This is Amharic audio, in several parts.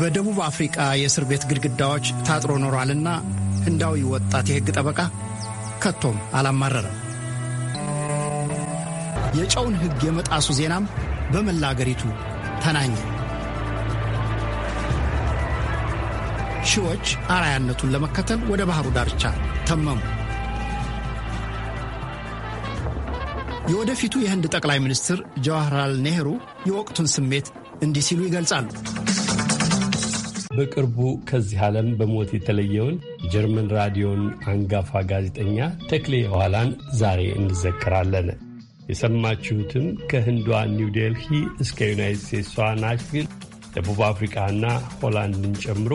በደቡብ አፍሪቃ የእስር ቤት ግድግዳዎች ታጥሮ ኖሯልና ህንዳዊ ወጣት የህግ ጠበቃ ከቶም አላማረረም። የጨውን ሕግ የመጣሱ ዜናም በመላ አገሪቱ ተናኘ። ሺዎች አራያነቱን ለመከተል ወደ ባህሩ ዳርቻ ተመሙ። የወደፊቱ የህንድ ጠቅላይ ሚኒስትር ጀዋህራል ኔህሩ የወቅቱን ስሜት እንዲህ ሲሉ ይገልጻሉ። በቅርቡ ከዚህ ዓለም በሞት የተለየውን ጀርመን ራዲዮን አንጋፋ ጋዜጠኛ ተክሌ የኋላን ዛሬ እንዘክራለን። የሰማችሁትም ከህንዷ ኒውዴልሂ እስከ ዩናይት ስቴትሷ ናሽቪል፣ ደቡብ አፍሪካና ሆላንድን ጨምሮ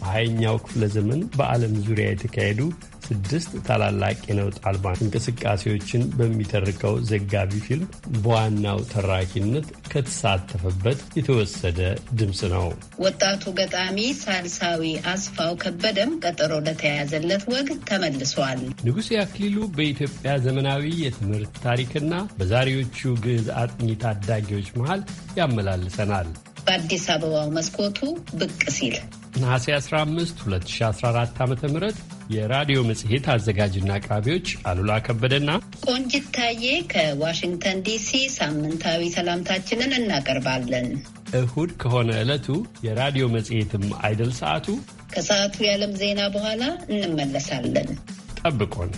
በሀያኛው ክፍለ ዘመን በዓለም ዙሪያ የተካሄዱ ስድስት ታላላቅ የነውጥ አልባ እንቅስቃሴዎችን በሚተርከው ዘጋቢ ፊልም በዋናው ተራኪነት ከተሳተፈበት የተወሰደ ድምፅ ነው። ወጣቱ ገጣሚ ሳልሳዊ አስፋው ከበደም ቀጠሮ ለተያያዘለት ወግ ተመልሷል። ንጉሴ አክሊሉ በኢትዮጵያ ዘመናዊ የትምህርት ታሪክና በዛሬዎቹ ግዕዝ አጥኚ ታዳጊዎች መሃል ያመላልሰናል። በአዲስ አበባው መስኮቱ ብቅ ሲል ነሐሴ 15 2014 ዓ ም የራዲዮ መጽሔት አዘጋጅና አቅራቢዎች አሉላ ከበደና ቆንጂት ታዬ ከዋሽንግተን ዲሲ ሳምንታዊ ሰላምታችንን እናቀርባለን። እሁድ ከሆነ ዕለቱ የራዲዮ መጽሔትም አይደል ሰዓቱ። ከሰዓቱ የዓለም ዜና በኋላ እንመለሳለን። ጠብቆን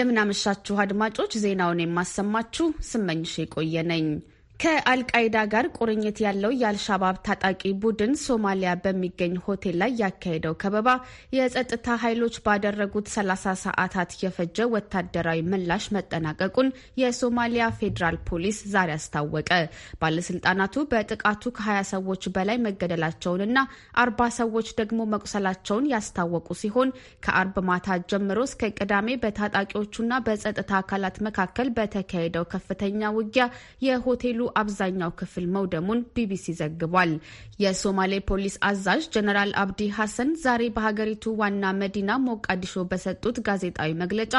እንደምናመሻችሁ አድማጮች፣ ዜናውን የማሰማችሁ ስመኝሽ የቆየ ነኝ። ከአልቃይዳ ጋር ቁርኝት ያለው የአልሻባብ ታጣቂ ቡድን ሶማሊያ በሚገኝ ሆቴል ላይ ያካሄደው ከበባ የጸጥታ ኃይሎች ባደረጉት 30 ሰዓታት የፈጀ ወታደራዊ ምላሽ መጠናቀቁን የሶማሊያ ፌዴራል ፖሊስ ዛሬ አስታወቀ። ባለስልጣናቱ በጥቃቱ ከ20 ሰዎች በላይ መገደላቸውንና 40 ሰዎች ደግሞ መቁሰላቸውን ያስታወቁ ሲሆን ከአርብ ማታ ጀምሮ እስከ ቅዳሜ በታጣቂዎቹና በጸጥታ አካላት መካከል በተካሄደው ከፍተኛ ውጊያ የሆቴሉ አብዛኛው ክፍል መውደሙን ቢቢሲ ዘግቧል። የሶማሌ ፖሊስ አዛዥ ጀነራል አብዲ ሐሰን ዛሬ በሀገሪቱ ዋና መዲና ሞቃዲሾ በሰጡት ጋዜጣዊ መግለጫ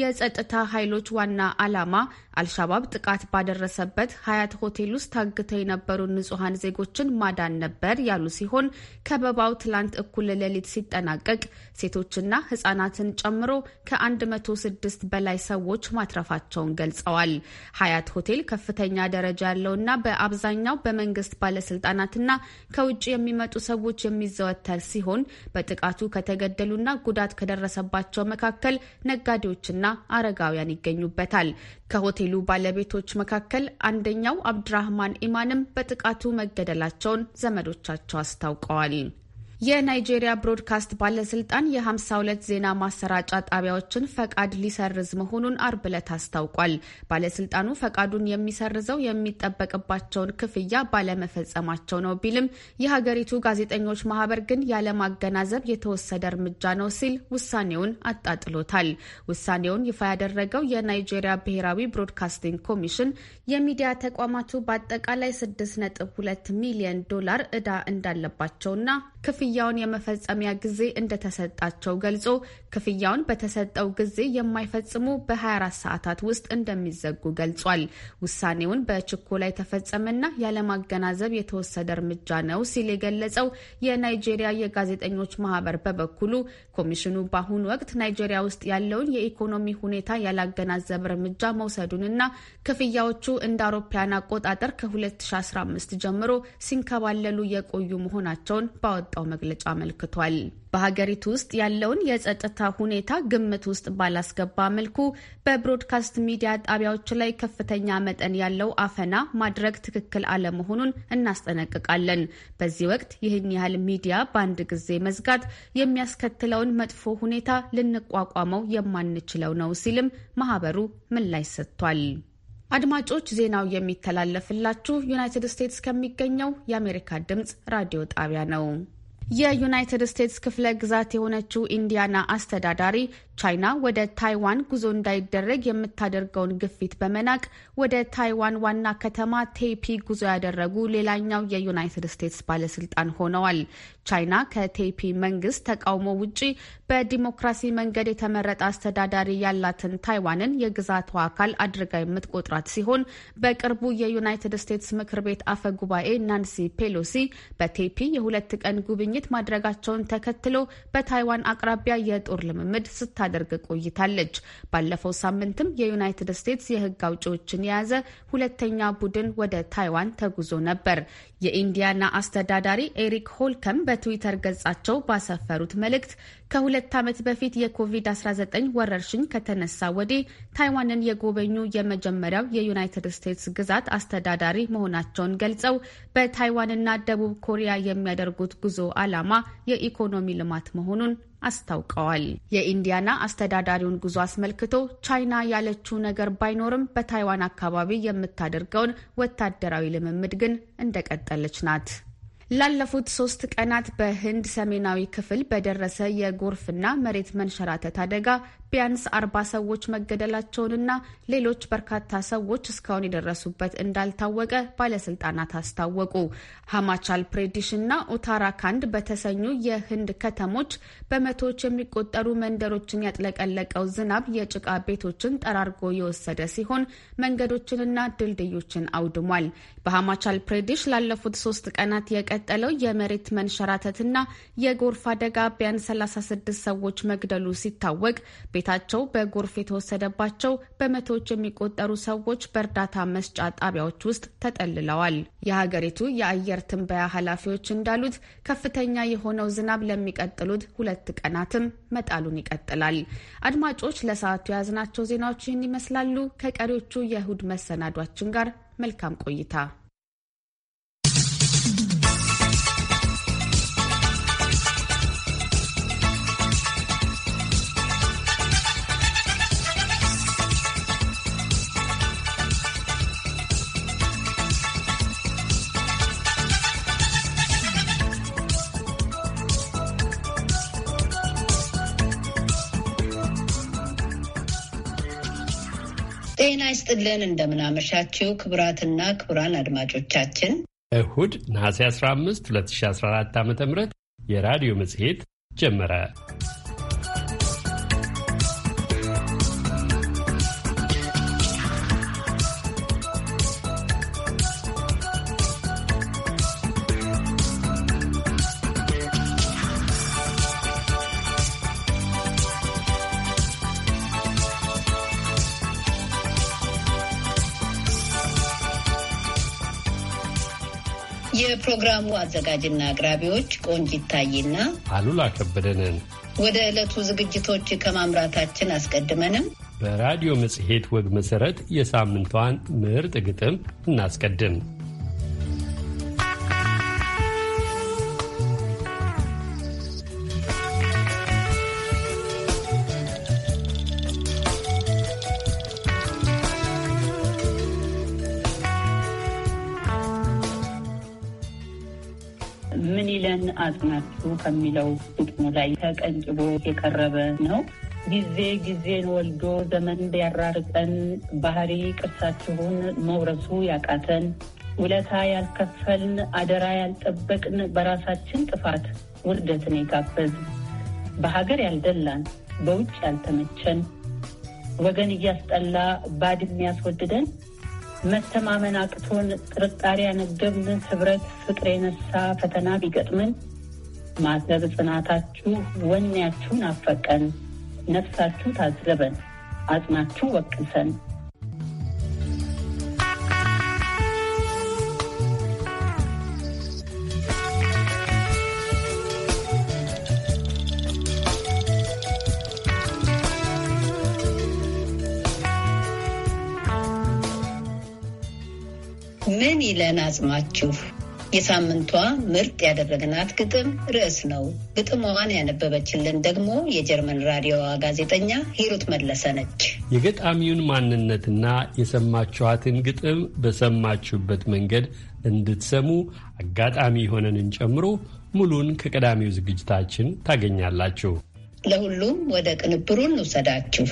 የጸጥታ ኃይሎች ዋና ዓላማ አልሻባብ ጥቃት ባደረሰበት ሀያት ሆቴል ውስጥ ታግተው የነበሩ ንጹሐን ዜጎችን ማዳን ነበር ያሉ ሲሆን ከበባው ትላንት እኩል ሌሊት ሲጠናቀቅ ሴቶችና ህጻናትን ጨምሮ ከ106 በላይ ሰዎች ማትረፋቸውን ገልጸዋል። ሀያት ሆቴል ከፍተኛ ደረጃ ያለውና በአብዛኛው በመንግስት ባለስልጣናትና ከውጭ የሚመጡ ሰዎች የሚዘወተር ሲሆን በጥቃቱ ከተገደሉና ጉዳት ከደረሰባቸው መካከል ነጋዴዎችና አረጋውያን ይገኙበታል። ከሆቴሉ ባለቤቶች መካከል አንደኛው አብድራህማን ኢማንም በጥቃቱ መገደላቸውን ዘመዶቻቸው አስታውቀዋል። የናይጄሪያ ብሮድካስት ባለስልጣን የ52 ዜና ማሰራጫ ጣቢያዎችን ፈቃድ ሊሰርዝ መሆኑን አርብ ዕለት አስታውቋል። ባለስልጣኑ ፈቃዱን የሚሰርዘው የሚጠበቅባቸውን ክፍያ ባለመፈጸማቸው ነው ቢልም የሀገሪቱ ጋዜጠኞች ማህበር ግን ያለማገናዘብ የተወሰደ እርምጃ ነው ሲል ውሳኔውን አጣጥሎታል። ውሳኔውን ይፋ ያደረገው የናይጄሪያ ብሔራዊ ብሮድካስቲንግ ኮሚሽን የሚዲያ ተቋማቱ በአጠቃላይ 6.2 ሚሊዮን ዶላር ዕዳ እንዳለባቸውና ክፍያውን የመፈጸሚያ ጊዜ እንደተሰጣቸው ገልጾ ክፍያውን በተሰጠው ጊዜ የማይፈጽሙ በ24 ሰዓታት ውስጥ እንደሚዘጉ ገልጿል። ውሳኔውን በችኮ ላይ የተፈጸመና ያለማገናዘብ የተወሰደ እርምጃ ነው ሲል የገለጸው የናይጄሪያ የጋዜጠኞች ማህበር በበኩሉ ኮሚሽኑ በአሁኑ ወቅት ናይጄሪያ ውስጥ ያለውን የኢኮኖሚ ሁኔታ ያላገናዘብ እርምጃ መውሰዱንና ክፍያዎቹ እንደ አውሮፓውያን አቆጣጠር ከ2015 ጀምሮ ሲንከባለሉ የቆዩ መሆናቸውን ባወ ባወጣው መግለጫ አመልክቷል። በሀገሪቱ ውስጥ ያለውን የጸጥታ ሁኔታ ግምት ውስጥ ባላስገባ መልኩ በብሮድካስት ሚዲያ ጣቢያዎች ላይ ከፍተኛ መጠን ያለው አፈና ማድረግ ትክክል አለመሆኑን እናስጠነቅቃለን። በዚህ ወቅት ይህን ያህል ሚዲያ በአንድ ጊዜ መዝጋት የሚያስከትለውን መጥፎ ሁኔታ ልንቋቋመው የማንችለው ነው ሲልም ማህበሩ ምላሽ ሰጥቷል። አድማጮች ዜናው የሚተላለፍላችሁ ዩናይትድ ስቴትስ ከሚገኘው የአሜሪካ ድምፅ ራዲዮ ጣቢያ ነው። የዩናይትድ ስቴትስ ክፍለ ግዛት የሆነችው ኢንዲያና አስተዳዳሪ ቻይና ወደ ታይዋን ጉዞ እንዳይደረግ የምታደርገውን ግፊት በመናቅ ወደ ታይዋን ዋና ከተማ ቴፒ ጉዞ ያደረጉ ሌላኛው የዩናይትድ ስቴትስ ባለስልጣን ሆነዋል። ቻይና ከቴፒ መንግስት ተቃውሞ ውጪ በዲሞክራሲ መንገድ የተመረጠ አስተዳዳሪ ያላትን ታይዋንን የግዛቷ አካል አድርጋ የምትቆጥራት ሲሆን በቅርቡ የዩናይትድ ስቴትስ ምክር ቤት አፈ ጉባኤ ናንሲ ፔሎሲ በቴፒ የሁለት ቀን ጉብኝት ማድረጋቸውን ተከትሎ በታይዋን አቅራቢያ የጦር ልምምድ ስታደርግ ቆይታለች። ባለፈው ሳምንትም የዩናይትድ ስቴትስ የህግ አውጪዎችን የያዘ ሁለተኛ ቡድን ወደ ታይዋን ተጉዞ ነበር። የኢንዲያና አስተዳዳሪ ኤሪክ ሆልከም በትዊተር ገጻቸው ባሰፈሩት መልእክት ከሁለት ዓመት በፊት የኮቪድ-19 ወረርሽኝ ከተነሳ ወዲህ ታይዋንን የጎበኙ የመጀመሪያው የዩናይትድ ስቴትስ ግዛት አስተዳዳሪ መሆናቸውን ገልጸው በታይዋንና ደቡብ ኮሪያ የሚያደርጉት ጉዞ ዓላማ የኢኮኖሚ ልማት መሆኑን አስታውቀዋል። የኢንዲያና አስተዳዳሪውን ጉዞ አስመልክቶ ቻይና ያለችው ነገር ባይኖርም በታይዋን አካባቢ የምታደርገውን ወታደራዊ ልምምድ ግን እንደቀጠለች ናት። ላለፉት ሶስት ቀናት በህንድ ሰሜናዊ ክፍል በደረሰ የጎርፍና መሬት መንሸራተት አደጋ ቢያንስ አርባ ሰዎች መገደላቸውንና ሌሎች በርካታ ሰዎች እስካሁን የደረሱበት እንዳልታወቀ ባለስልጣናት አስታወቁ። ሀማቻል ፕሬዲሽ እና ኡታራካንድ በተሰኙ የህንድ ከተሞች በመቶዎች የሚቆጠሩ መንደሮችን ያጥለቀለቀው ዝናብ የጭቃ ቤቶችን ጠራርጎ የወሰደ ሲሆን መንገዶችንና ድልድዮችን አውድሟል። በሀማቻል ፕሬዲሽ ላለፉት ሶስት ቀናት የቀጠለው የመሬት መንሸራተትና የጎርፍ አደጋ ቢያንስ 36 ሰዎች መግደሉ ሲታወቅ ቤታቸው በጎርፍ የተወሰደባቸው በመቶዎች የሚቆጠሩ ሰዎች በእርዳታ መስጫ ጣቢያዎች ውስጥ ተጠልለዋል። የሀገሪቱ የአየር ትንበያ ኃላፊዎች እንዳሉት ከፍተኛ የሆነው ዝናብ ለሚቀጥሉት ሁለት ቀናትም መጣሉን ይቀጥላል። አድማጮች፣ ለሰዓቱ የያዝናቸው ዜናዎች ይህን ይመስላሉ። ከቀሪዎቹ የእሁድ መሰናዷችን ጋር መልካም ቆይታ ጤና ይስጥልን እንደምናመሻችው ክቡራትና ክቡራን አድማጮቻችን እሁድ ነሐሴ 15 2014 ዓ ም የራዲዮ መጽሔት ጀመረ። የፕሮግራሙ አዘጋጅና አቅራቢዎች ቆንጂት ታይና አሉላ ከበደንን ወደ ዕለቱ ዝግጅቶች ከማምራታችን አስቀድመንም በራዲዮ መጽሔት ወግ መሠረት የሳምንቷን ምርጥ ግጥም እናስቀድም። አጽናችሁ ከሚለው ጥቅሙ ላይ ተቀንጭቦ የቀረበ ነው። ጊዜ ጊዜን ወልዶ ዘመን ቢያራርቀን ባህሪ ቅርሳችሁን መውረሱ ያቃተን ውለታ ያልከፈልን አደራ ያልጠበቅን በራሳችን ጥፋት ውርደትን የጋበዝ በሀገር ያልደላን በውጭ ያልተመቸን ወገን እያስጠላ ባድም ያስወድደን መተማመን አቅቶን ጥርጣሬ ያነገብን ህብረት ፍቅር የነሳ ፈተና ቢገጥምን ማዘብ ጽናታችሁ ወኔያችሁን አፈቀን ነፍሳችሁ ታዘበን አጽናችሁ ወቅሰን ምን ይለን አጽማችሁ የሳምንቷ ምርጥ ያደረግናት ግጥም ርዕስ ነው። ግጥሟን ያነበበችልን ደግሞ የጀርመን ራዲዮዋ ጋዜጠኛ ሂሩት መለሰ ነች። የገጣሚውን ማንነትና የሰማችኋትን ግጥም በሰማችሁበት መንገድ እንድትሰሙ አጋጣሚ የሆነንን ጨምሮ ሙሉን ከቀዳሚው ዝግጅታችን ታገኛላችሁ። ለሁሉም ወደ ቅንብሩ እንውሰዳችሁ።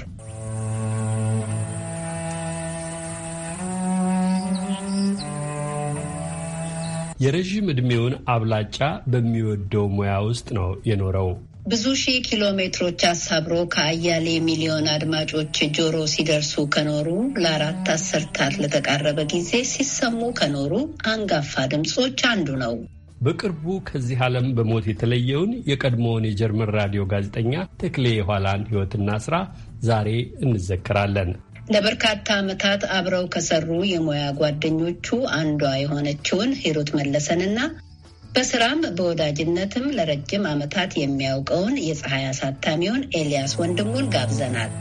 የረዥም ዕድሜውን አብላጫ በሚወደው ሙያ ውስጥ ነው የኖረው። ብዙ ሺህ ኪሎ ሜትሮች አሳብሮ ከአያሌ ሚሊዮን አድማጮች ጆሮ ሲደርሱ ከኖሩ ለአራት አስርታት ለተቃረበ ጊዜ ሲሰሙ ከኖሩ አንጋፋ ድምፆች አንዱ ነው። በቅርቡ ከዚህ ዓለም በሞት የተለየውን የቀድሞውን የጀርመን ራዲዮ ጋዜጠኛ ተክሌ የኋላን ሕይወትና ሥራ ዛሬ እንዘክራለን። ለበርካታ ዓመታት አብረው ከሰሩ የሙያ ጓደኞቹ አንዷ የሆነችውን ሂሩት መለሰንና በስራም በወዳጅነትም ለረጅም ዓመታት የሚያውቀውን የፀሐይ አሳታሚውን ኤልያስ ወንድሙን ጋብዘናል።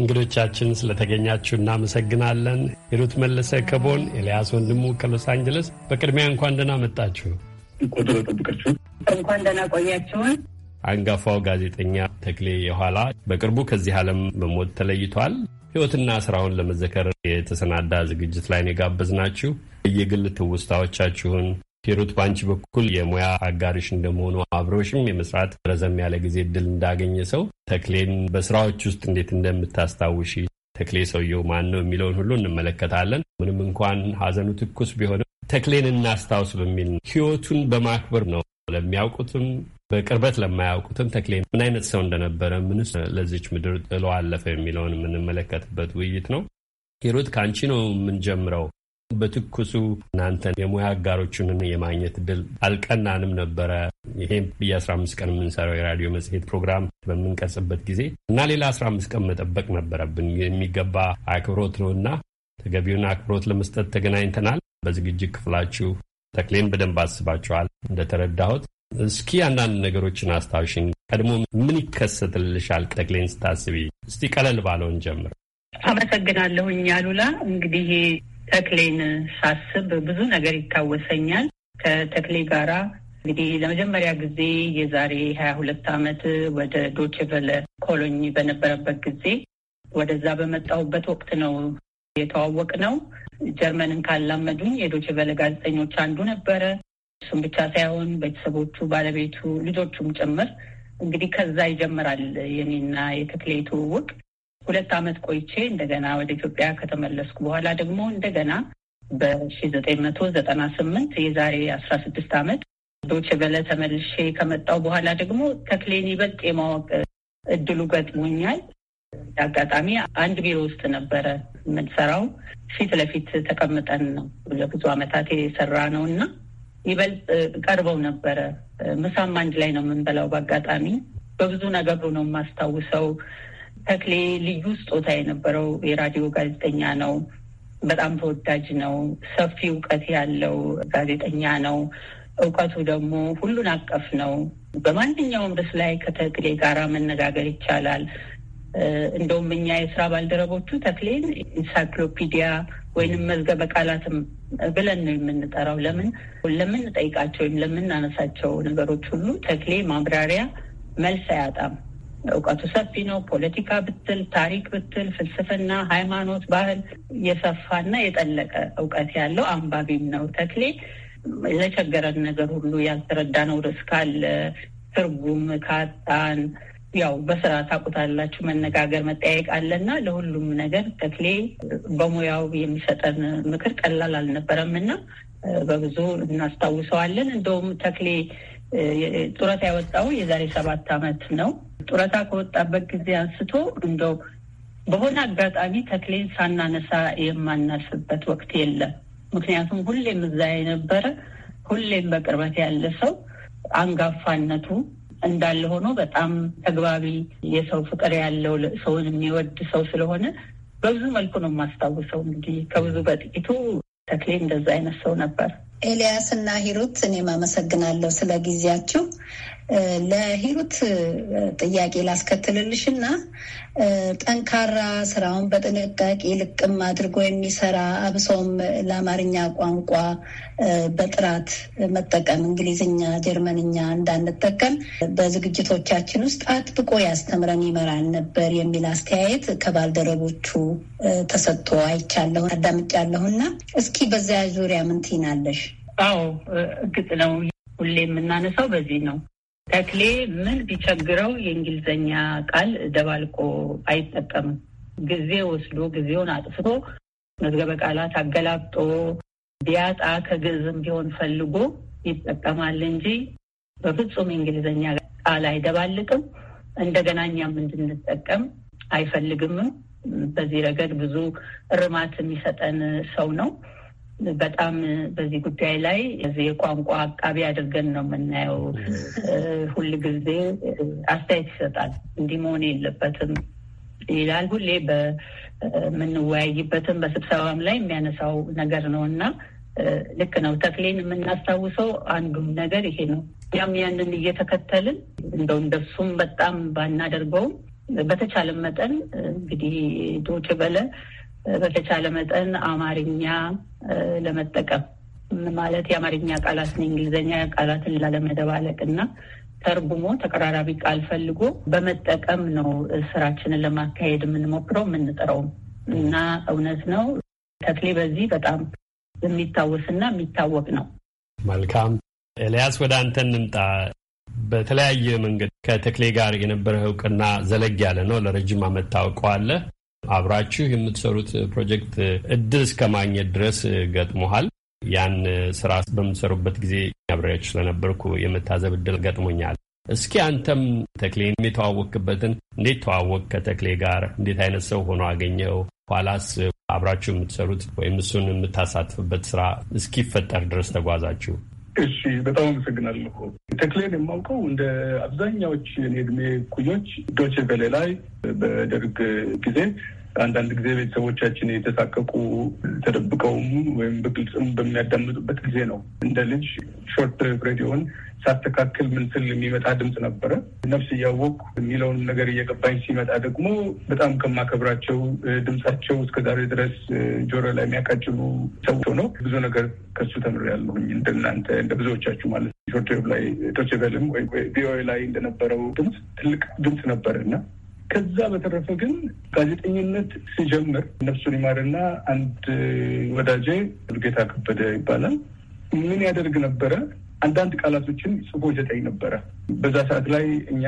እንግዶቻችን ስለተገኛችሁ እናመሰግናለን። ሂሩት መለሰ ከቦን፣ ኤልያስ ወንድሙ ከሎስ አንጀለስ። በቅድሚያ እንኳን ደህና መጣችሁ። እንኳን ደህና ቆያችሁን። አንጋፋው ጋዜጠኛ ተክሌ የኋላ በቅርቡ ከዚህ ዓለም በሞት ተለይቷል። ሕይወትና ስራውን ለመዘከር የተሰናዳ ዝግጅት ላይ ነው የጋበዝናችሁ። የግል ትውስታዎቻችሁን ሂሩት፣ በአንቺ በኩል የሙያ አጋርሽ እንደመሆኑ አብረሽም የመስራት ረዘም ያለ ጊዜ እድል እንዳገኘ ሰው ተክሌን በስራዎች ውስጥ እንዴት እንደምታስታውሺ ተክሌ ሰውየው ማን ነው የሚለውን ሁሉ እንመለከታለን። ምንም እንኳን ሀዘኑ ትኩስ ቢሆንም ተክሌን እናስታውስ በሚል ህይወቱን በማክበር ነው ለሚያውቁትም በቅርበት ለማያውቁትም ተክሌ ምን አይነት ሰው እንደነበረ፣ ምንስ ለዚች ምድር ጥሎ አለፈ የሚለውን የምንመለከትበት ውይይት ነው። ሂሩት ከአንቺ ነው የምንጀምረው። በትኩሱ እናንተ የሙያ አጋሮቹንን የማግኘት ድል አልቀናንም ነበረ። ይሄ የአስራ 15 ቀን የምንሰራው የራዲዮ መጽሔት ፕሮግራም በምንቀርጽበት ጊዜ እና ሌላ 15 ቀን መጠበቅ ነበረብን። የሚገባ አክብሮት ነው እና ተገቢውን አክብሮት ለመስጠት ተገናኝተናል። በዝግጅት ክፍላችሁ ተክሌን በደንብ አስባችኋል እንደተረዳሁት። እስኪ አንዳንድ ነገሮችን አስታውሽኝ ቀድሞ ምን ይከሰትልሻል ጠቅሌን ስታስቢ? እስቲ ቀለል ባለውን ጀምር። አመሰግናለሁኝ አሉላ። እንግዲህ ተክሌን ሳስብ ብዙ ነገር ይታወሰኛል። ከተክሌ ጋራ እንግዲህ ለመጀመሪያ ጊዜ የዛሬ ሀያ ሁለት ዓመት ወደ ዶችቨለ ኮሎኝ በነበረበት ጊዜ ወደዛ በመጣሁበት ወቅት ነው የተዋወቅ ነው። ጀርመንን ካላመዱኝ የዶችቨለ ጋዜጠኞች አንዱ ነበረ። እሱም ብቻ ሳይሆን ቤተሰቦቹ፣ ባለቤቱ፣ ልጆቹም ጭምር እንግዲህ ከዛ ይጀምራል የኔና የተክሌ ትውውቅ። ሁለት ዓመት ቆይቼ እንደገና ወደ ኢትዮጵያ ከተመለስኩ በኋላ ደግሞ እንደገና በሺ ዘጠኝ መቶ ዘጠና ስምንት የዛሬ አስራ ስድስት ዓመት ዶቼ ቬለ ተመልሼ ከመጣው በኋላ ደግሞ ተክሌን ይበልጥ የማወቅ እድሉ ገጥሞኛል። አጋጣሚ አንድ ቢሮ ውስጥ ነበረ የምንሰራው ፊት ለፊት ተቀምጠን ነው ለብዙ ዓመታት የሰራ ነው እና ይበልጥ ቀርበው ነበረ። ምሳም አንድ ላይ ነው የምንበላው። በአጋጣሚ በብዙ ነገሩ ነው የማስታውሰው። ተክሌ ልዩ ስጦታ የነበረው የራዲዮ ጋዜጠኛ ነው። በጣም ተወዳጅ ነው። ሰፊ እውቀት ያለው ጋዜጠኛ ነው። እውቀቱ ደግሞ ሁሉን አቀፍ ነው። በማንኛውም ርዕስ ላይ ከተክሌ ጋር መነጋገር ይቻላል። እንደውም እኛ የስራ ባልደረቦቹ ተክሌን ኢንሳይክሎፒዲያ ወይንም መዝገበ ቃላትም ብለን ነው የምንጠራው። ለምን ለምንጠይቃቸው ወይም ለምናነሳቸው ነገሮች ሁሉ ተክሌ ማብራሪያ መልስ አያጣም። እውቀቱ ሰፊ ነው። ፖለቲካ ብትል፣ ታሪክ ብትል፣ ፍልስፍና፣ ሃይማኖት፣ ባህል የሰፋና የጠለቀ እውቀት ያለው አንባቢም ነው ተክሌ። ለቸገረን ነገር ሁሉ ያልተረዳነው ርዕስ ካለ ትርጉም ካጣን ያው በስራ ታቁታላችሁ መነጋገር መጠያየቅ አለና ለሁሉም ነገር ተክሌ በሙያው የሚሰጠን ምክር ቀላል አልነበረም እና በብዙ እናስታውሰዋለን። እንደውም ተክሌ ጡረታ ያወጣው የዛሬ ሰባት አመት ነው። ጡረታ ከወጣበት ጊዜ አንስቶ እንደው በሆነ አጋጣሚ ተክሌን ሳናነሳ የማናልፍበት ወቅት የለም። ምክንያቱም ሁሌም እዛ የነበረ ሁሌም በቅርበት ያለ ሰው አንጋፋነቱ እንዳለ ሆኖ በጣም ተግባቢ የሰው ፍቅር ያለው ሰውን የሚወድ ሰው ስለሆነ በብዙ መልኩ ነው የማስታውሰው። እንግዲህ ከብዙ በጥቂቱ ተክሌ እንደዛ አይነት ሰው ነበር። ኤልያስ እና ሂሩት እኔም አመሰግናለሁ ስለ ጊዜያችሁ። ለሂሩት ጥያቄ ላስከትልልሽ እና ጠንካራ ስራውን በጥንቃቄ ልቅም አድርጎ የሚሰራ አብሶም ለአማርኛ ቋንቋ በጥራት መጠቀም እንግሊዝኛ፣ ጀርመንኛ እንዳንጠቀም በዝግጅቶቻችን ውስጥ አጥብቆ ያስተምረን ይመራል ነበር የሚል አስተያየት ከባልደረቦቹ ተሰጥቶ አይቻለሁ አዳምጫለሁ። እና እስኪ በዚያ ዙሪያ ምን ትይናለሽ? አዎ እርግጥ ነው ሁሌ የምናነሳው በዚህ ነው። ተክሌ ምን ቢቸግረው የእንግሊዝኛ ቃል ደባልቆ አይጠቀምም። ጊዜ ወስዶ ጊዜውን አጥፍቶ መዝገበ ቃላት አገላብጦ ቢያጣ ከግዕዝም ቢሆን ፈልጎ ይጠቀማል እንጂ በፍጹም የእንግሊዝኛ ቃል አይደባልቅም። እንደገና እኛም እንድንጠቀም አይፈልግምም። በዚህ ረገድ ብዙ እርማት የሚሰጠን ሰው ነው። በጣም በዚህ ጉዳይ ላይ የቋንቋ አቃቢ አድርገን ነው የምናየው። ሁል ጊዜ አስተያየት ይሰጣል። እንዲህ መሆን የለበትም ይላል። ሁሌ በምንወያይበትም በስብሰባም ላይ የሚያነሳው ነገር ነው እና ልክ ነው። ተክሌን የምናስታውሰው አንዱ ነገር ይሄ ነው። ያም ያንን እየተከተልን እንደው እንደሱም በጣም ባናደርገውም በተቻለ መጠን እንግዲህ ዶች በለ በተቻለ መጠን አማርኛ ለመጠቀም ማለት የአማርኛ ቃላትን የእንግሊዝኛ ቃላትን ላለመደባለቅ እና ተርጉሞ ተቀራራቢ ቃል ፈልጎ በመጠቀም ነው ስራችንን ለማካሄድ የምንሞክረው የምንጥረውም እና እውነት ነው ተክሌ በዚህ በጣም የሚታወስና የሚታወቅ ነው። መልካም ኤልያስ፣ ወደ አንተ እንምጣ። በተለያየ መንገድ ከተክሌ ጋር የነበረ እውቅና ዘለግ ያለ ነው። ለረጅም ዓመት ታውቀዋለህ። አብራችሁ የምትሰሩት ፕሮጀክት እድል እስከ ማግኘት ድረስ ገጥሞሃል። ያን ስራ በምትሰሩበት ጊዜ አብሬያችሁ ስለነበርኩ የመታዘብ እድል ገጥሞኛል። እስኪ አንተም ተክሌን የተዋወቅበትን እንዴት ተዋወቅ ከተክሌ ጋር እንዴት አይነት ሰው ሆኖ አገኘው? ኋላስ አብራችሁ የምትሰሩት ወይም እሱን የምታሳትፍበት ስራ እስኪፈጠር ድረስ ተጓዛችሁ? እሺ፣ በጣም አመሰግናለሁ። ተክሌን የማውቀው እንደ አብዛኛዎች የኔ እድሜ ኩዮች ዶቼ ቬለ ላይ በደርግ ጊዜ አንዳንድ ጊዜ ቤተሰቦቻችን የተሳቀቁ ተደብቀውም ወይም በግልጽም በሚያዳምጡበት ጊዜ ነው እንደ ልጅ ሾርት ሬዲዮን ሳስተካክል ምን ስል የሚመጣ ድምፅ ነበረ። ነፍስ እያወቅኩ የሚለውን ነገር እየገባኝ ሲመጣ ደግሞ በጣም ከማከብራቸው ድምፃቸው እስከዛሬ ድረስ ጆሮ ላይ የሚያቃጭሉ ሰው ነው። ብዙ ነገር ከሱ ተምሬያለሁኝ። እንደናንተ እንደ ብዙዎቻችሁ ማለት ሾርትዌብ ላይ ቶችበልም ወይ ቪኦኤ ላይ እንደነበረው ድምፅ ትልቅ ድምፅ ነበር እና ከዛ በተረፈ ግን ጋዜጠኝነት ሲጀምር ነፍሱን ይማርና አንድ ወዳጄ ሉጌታ ከበደ ይባላል ምን ያደርግ ነበረ አንዳንድ ቃላቶችን ጽፎ ይሰጠኝ ነበረ። በዛ ሰዓት ላይ እኛ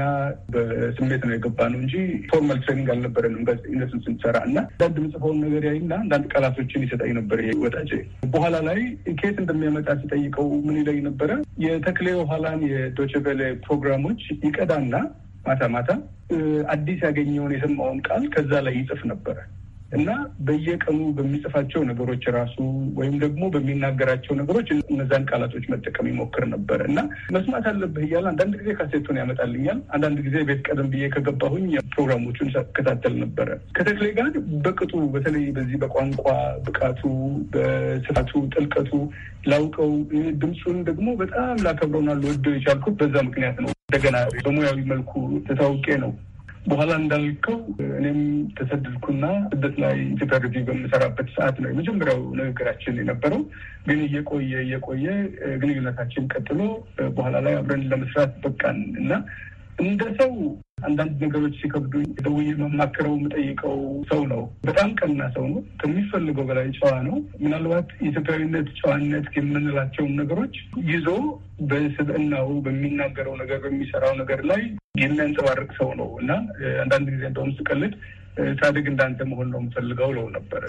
በስሜት ነው የገባ ነው እንጂ ፎርማል ትሬኒንግ አልነበረንም ጋዜጠኝነትን ስንሰራ እና አንዳንድ ምጽፈውን ነገር ያይና አንዳንድ ቃላቶችን ይሰጠኝ ነበር። ወጣጭ በኋላ ላይ ኬት እንደሚያመጣ ሲጠይቀው ምን ይለኝ ነበረ የተክሌ ኋላን የዶቼ ፕሮግራሞች ይቀዳና ማታ ማታ አዲስ ያገኘውን የሰማውን ቃል ከዛ ላይ ይጽፍ ነበረ። እና በየቀኑ በሚጽፋቸው ነገሮች ራሱ ወይም ደግሞ በሚናገራቸው ነገሮች እነዛን ቃላቶች መጠቀም ይሞክር ነበር እና መስማት አለብህ እያለ አንዳንድ ጊዜ ካሴቱን ያመጣልኛል። አንዳንድ ጊዜ ቤት ቀደም ብዬ ከገባሁኝ ፕሮግራሞቹን ከታተል ነበረ። ከተክሌ ጋር በቅጡ በተለይ በዚህ በቋንቋ ብቃቱ፣ በስፋቱ፣ ጥልቀቱ ላውቀው ድምፁን ደግሞ በጣም ላከብረውና ልወደው የቻልኩት በዛ ምክንያት ነው። እንደገና በሙያዊ መልኩ ተታውቄ ነው በኋላ እንዳልከው እኔም ተሰደድኩና ስደት ላይ ኢትዮጵያ ሪቪው በምሰራበት ሰዓት ነው የመጀመሪያው ንግግራችን የነበረው። ግን እየቆየ እየቆየ ግንኙነታችን ቀጥሎ በኋላ ላይ አብረን ለመስራት በቃን እና እንደ ሰው አንዳንድ ነገሮች ሲከብዱ ደውዬ መማክረው የምጠይቀው ሰው ነው። በጣም ቀና ሰው ነው። ከሚፈልገው በላይ ጨዋ ነው። ምናልባት ኢትዮጵያዊነት፣ ጨዋነት የምንላቸውን ነገሮች ይዞ በስብዕናው፣ በሚናገረው ነገር፣ በሚሰራው ነገር ላይ የሚያንጸባርቅ ሰው ነው እና አንዳንድ ጊዜ እንደውም ስቀልድ ሳድግ እንዳንተ መሆን ነው የምፈልገው ለው ነበረ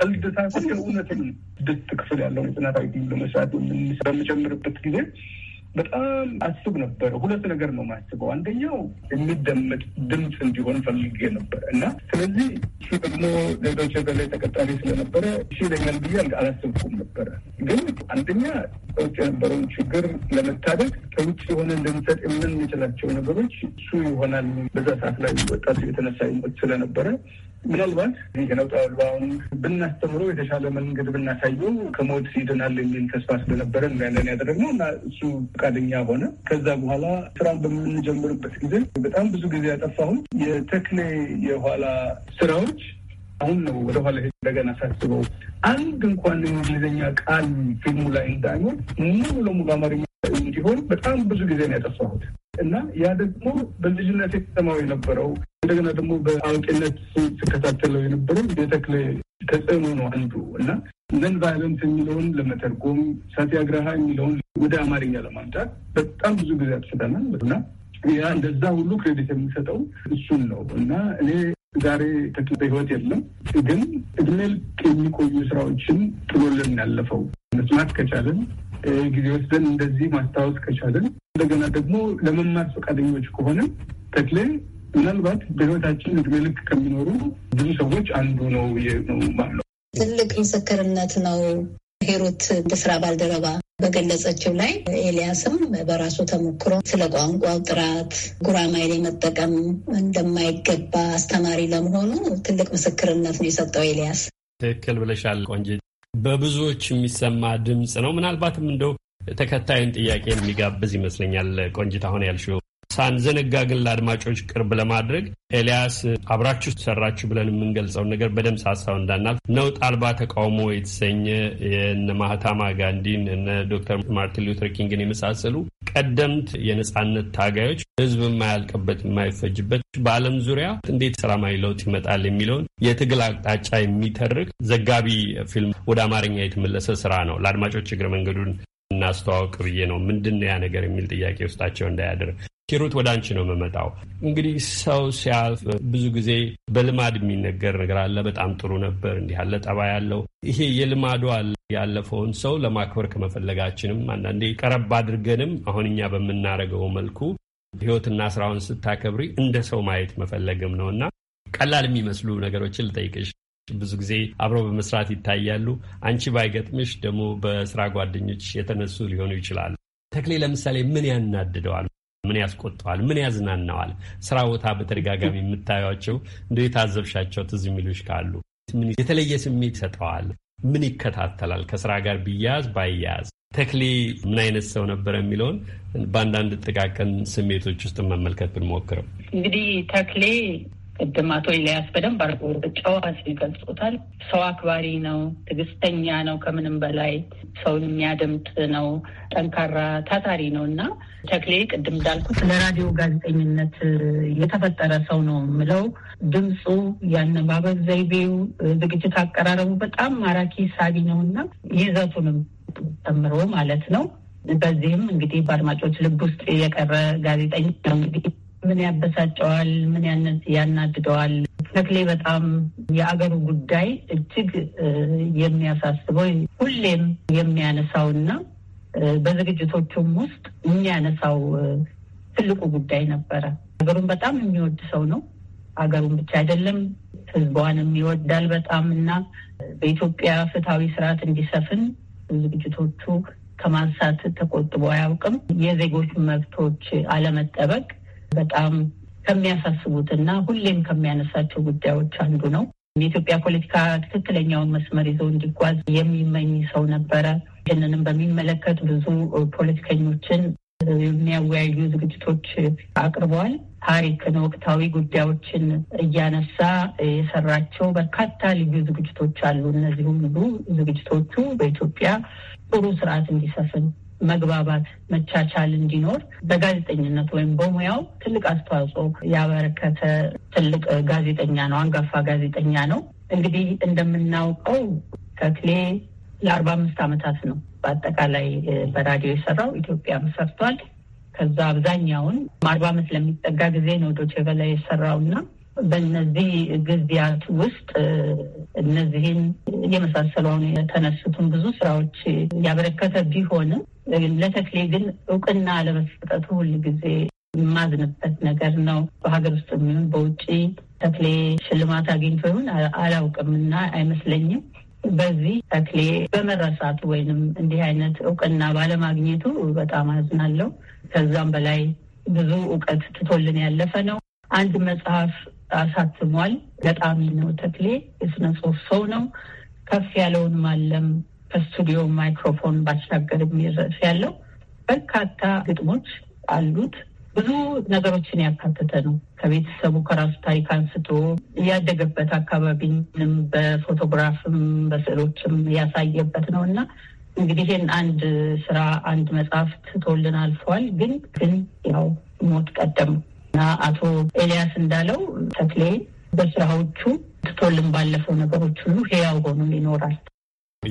ቀልድ ሳይሆን የእውነትን ክፍል ያለውን የጥናታዊ ለመስራት በምጨምርበት ጊዜ በጣም አስብ ነበር። ሁለት ነገር ነው የማስበው። አንደኛው የሚደመጥ ድምፅ እንዲሆን ፈልጌ ነበር እና ስለዚህ እሱ ደግሞ ሌሎች በላይ ተቀጣሪ ስለነበረ እሺ ይለኛል ብዬ አላስብኩም ነበረ። ግን አንደኛ ከውጭ የነበረውን ችግር ለመታደግ ከውጭ የሆነ ልንሰጥ የምንችላቸው ነገሮች እሱ ይሆናል። በዛ ሰዓት ላይ ወጣቱ የተነሳ ይሞት ስለነበረ ምናልባት የነውጥ አልባውን ብናስተምረው የተሻለ መንገድ ብናሳየው ከሞት ይድናል የሚል ተስፋ ስለነበረ ያለን ያደረግነው እና እሱ ፈቃደኛ ሆነ። ከዛ በኋላ ስራን በምንጀምርበት ጊዜ በጣም ብዙ ጊዜ ያጠፋሁት የተክሌ የኋላ ስራዎች አሁን ነው ወደኋላ ሄ እንደገና ሳስበው አንድ እንኳን እንግሊዝኛ ቃል ፊልሙ ላይ እንዳይኖር ሙሉ ለሙሉ አማርኛ እንዲሆን በጣም ብዙ ጊዜ ነው ያጠፋሁት እና ያ ደግሞ በልጅነት የተሰማው የነበረው እንደገና ደግሞ በአዋቂነት ስከታተለው የነበረው የተክሌ ተጽዕኖ ነው አንዱ እና ነን ቫይለንስ የሚለውን ለመተርጎም ሳቲያግራሃ የሚለውን ወደ አማርኛ ለማምጣት በጣም ብዙ ጊዜ አጥፍተናል እና ያ እንደዛ ሁሉ ክሬዲት የሚሰጠው እሱን ነው እና እኔ ዛሬ ተክለ ህይወት የለም፣ ግን እድሜ ልክ የሚቆዩ ስራዎችን ጥሎልን ያለፈው መስማት ከቻለን ጊዜ ወስደን እንደዚህ ማስታወስ ከቻለን እንደገና ደግሞ ለመማር ፈቃደኞች ከሆነ ተክሌ ምናልባት በህይወታችን እድሜ ልክ ከሚኖሩ ብዙ ሰዎች አንዱ ነው ነው ማለው ትልቅ ምስክርነት ነው። ሄሮት እንደ ስራ ባልደረባ በገለጸችው ላይ ኤልያስም በራሱ ተሞክሮ ስለ ቋንቋው ጥራት ጉራማይሌ መጠቀም እንደማይገባ አስተማሪ ለመሆኑ ትልቅ ምስክርነት ነው የሰጠው ኤልያስ። ትክክል ብለሻል ቆንጅት። በብዙዎች የሚሰማ ድምፅ ነው። ምናልባትም እንደው ተከታዩን ጥያቄ የሚጋብዝ ይመስለኛል ቆንጅት አሁን ያልሽው ሳንዘነጋ ግን ለአድማጮች ቅርብ ለማድረግ ኤልያስ አብራችሁ ሰራችሁ ብለን የምንገልጸውን ነገር በደምብ ሳሳው እንዳናል ነውጥ አልባ ተቃውሞ የተሰኘ የነ ማህታማ ጋንዲን እነ ዶክተር ማርቲን ሉተር ኪንግን የመሳሰሉ ቀደምት የነጻነት ታጋዮች ህዝብ የማያልቅበት የማይፈጅበት በዓለም ዙሪያ እንዴት ሰላማዊ ለውጥ ይመጣል የሚለውን የትግል አቅጣጫ የሚተርክ ዘጋቢ ፊልም ወደ አማርኛ የተመለሰ ስራ ነው። ለአድማጮች እግረ መንገዱን እናስተዋወቅ ብዬ ነው። ምንድን ያ ነገር የሚል ጥያቄ ውስጣቸው እንዳያድር ኪሩት ወደ አንቺ ነው የምመጣው። እንግዲህ ሰው ሲያልፍ ብዙ ጊዜ በልማድ የሚነገር ነገር አለ። በጣም ጥሩ ነበር፣ እንዲህ ያለ ጠባ ያለው ይሄ የልማዱ አለ። ያለፈውን ሰው ለማክበር ከመፈለጋችንም አንዳንዴ ቀረብ አድርገንም አሁን እኛ በምናደርገው መልኩ ህይወትና ስራውን ስታከብሪ እንደ ሰው ማየት መፈለግም ነው እና ቀላል የሚመስሉ ነገሮችን ልጠይቅሽ። ብዙ ጊዜ አብረው በመስራት ይታያሉ። አንቺ ባይገጥምሽ ደግሞ በስራ ጓደኞች የተነሱ ሊሆኑ ይችላሉ። ተክሌ ለምሳሌ ምን ያናድደዋል? ምን ያስቆጠዋል? ምን ያዝናናዋል? ስራ ቦታ በተደጋጋሚ የምታያቸው እንደ የታዘብሻቸው ትዝ የሚሉሽ ካሉ ምን የተለየ ስሜት ይሰጠዋል? ምን ይከታተላል? ከስራ ጋር ቢያያዝ ባያያዝ ተክሌ ምን አይነት ሰው ነበረ የሚለውን በአንዳንድ ጥቃቅን ስሜቶች ውስጥ መመልከት ብንሞክርም እንግዲህ ተክሌ ቅድም አቶ ኢልያስ በደንብ አርጎ ጨዋ ይገልጾታል። ሰው አክባሪ ነው፣ ትዕግስተኛ ነው፣ ከምንም በላይ ሰውን የሚያደምጥ ነው፣ ጠንካራ ታታሪ ነው እና ተክሌ ቅድም እንዳልኩት ለራዲዮ ጋዜጠኝነት የተፈጠረ ሰው ነው የምለው። ድምፁ፣ ያነባበብ ዘይቤው፣ ዝግጅት አቀራረቡ በጣም ማራኪ ሳቢ ነው እና ይዘቱንም ጨምሮ ማለት ነው። በዚህም እንግዲህ በአድማጮች ልብ ውስጥ የቀረ ጋዜጠኝ ነው እንግዲህ ምን ያበሳጨዋል? ምን ያናድደዋል? ተክሌ በጣም የአገሩ ጉዳይ እጅግ የሚያሳስበው ሁሌም የሚያነሳው እና በዝግጅቶቹም ውስጥ የሚያነሳው ትልቁ ጉዳይ ነበረ። ሀገሩን በጣም የሚወድ ሰው ነው። ሀገሩን ብቻ አይደለም ህዝቧንም ይወዳል በጣም እና በኢትዮጵያ ፍትሐዊ ስርዓት እንዲሰፍን ዝግጅቶቹ ከማንሳት ተቆጥቦ አያውቅም። የዜጎች መብቶች አለመጠበቅ በጣም ከሚያሳስቡት እና ሁሌም ከሚያነሳቸው ጉዳዮች አንዱ ነው። የኢትዮጵያ ፖለቲካ ትክክለኛውን መስመር ይዘው እንዲጓዝ የሚመኝ ሰው ነበረ። ይህንንም በሚመለከት ብዙ ፖለቲከኞችን የሚያወያዩ ዝግጅቶች አቅርበዋል። ታሪክን፣ ወቅታዊ ጉዳዮችን እያነሳ የሰራቸው በርካታ ልዩ ዝግጅቶች አሉ። እነዚህ ሁሉ ዝግጅቶቹ በኢትዮጵያ ጥሩ ስርዓት እንዲሰፍን መግባባት፣ መቻቻል እንዲኖር በጋዜጠኝነት ወይም በሙያው ትልቅ አስተዋጽኦ ያበረከተ ትልቅ ጋዜጠኛ ነው። አንጋፋ ጋዜጠኛ ነው። እንግዲህ እንደምናውቀው ተክሌ ለአርባ አምስት ዓመታት ነው በአጠቃላይ በራዲዮ የሰራው ኢትዮጵያም ሰርቷል። ከዛ አብዛኛውን አርባ አመት ለሚጠጋ ጊዜ ነው ዶቼ ቬለ የሰራው እና በእነዚህ ጊዜያት ውስጥ እነዚህን የመሳሰለውን የተነሱትን ብዙ ስራዎች ያበረከተ ቢሆንም ለተክሌ ግን እውቅና ለመሰጠቱ ሁል ጊዜ የማዝንበት ነገር ነው። በሀገር ውስጥ የሚሆን በውጭ ተክሌ ሽልማት አግኝቶ ይሁን አላውቅምና አይመስለኝም። በዚህ ተክሌ በመረሳቱ ወይንም እንዲህ አይነት እውቅና ባለማግኘቱ በጣም አዝናለሁ። ከዛም በላይ ብዙ እውቀት ትቶልን ያለፈ ነው። አንድ መጽሐፍ አሳትሟል። ገጣሚ ነው። ተክሌ የስነ ጽሁፍ ሰው ነው። ከፍ ያለውን ማለም ከስቱዲዮ ማይክሮፎን ባሻገር የሚረስ ያለው በርካታ ግጥሞች አሉት። ብዙ ነገሮችን ያካተተ ነው። ከቤተሰቡ ከራሱ ታሪክ አንስቶ እያደገበት አካባቢንም በፎቶግራፍም በስዕሎችም ያሳየበት ነው እና እንግዲህ ይህን አንድ ስራ አንድ መጽሐፍ ትቶልን አልፏል። ግን ግን ያው ሞት ቀደም እና አቶ ኤልያስ እንዳለው ተክሌ በስራዎቹ ትቶልን ባለፈው ነገሮች ሁሉ ህያው ሆኖ ይኖራል።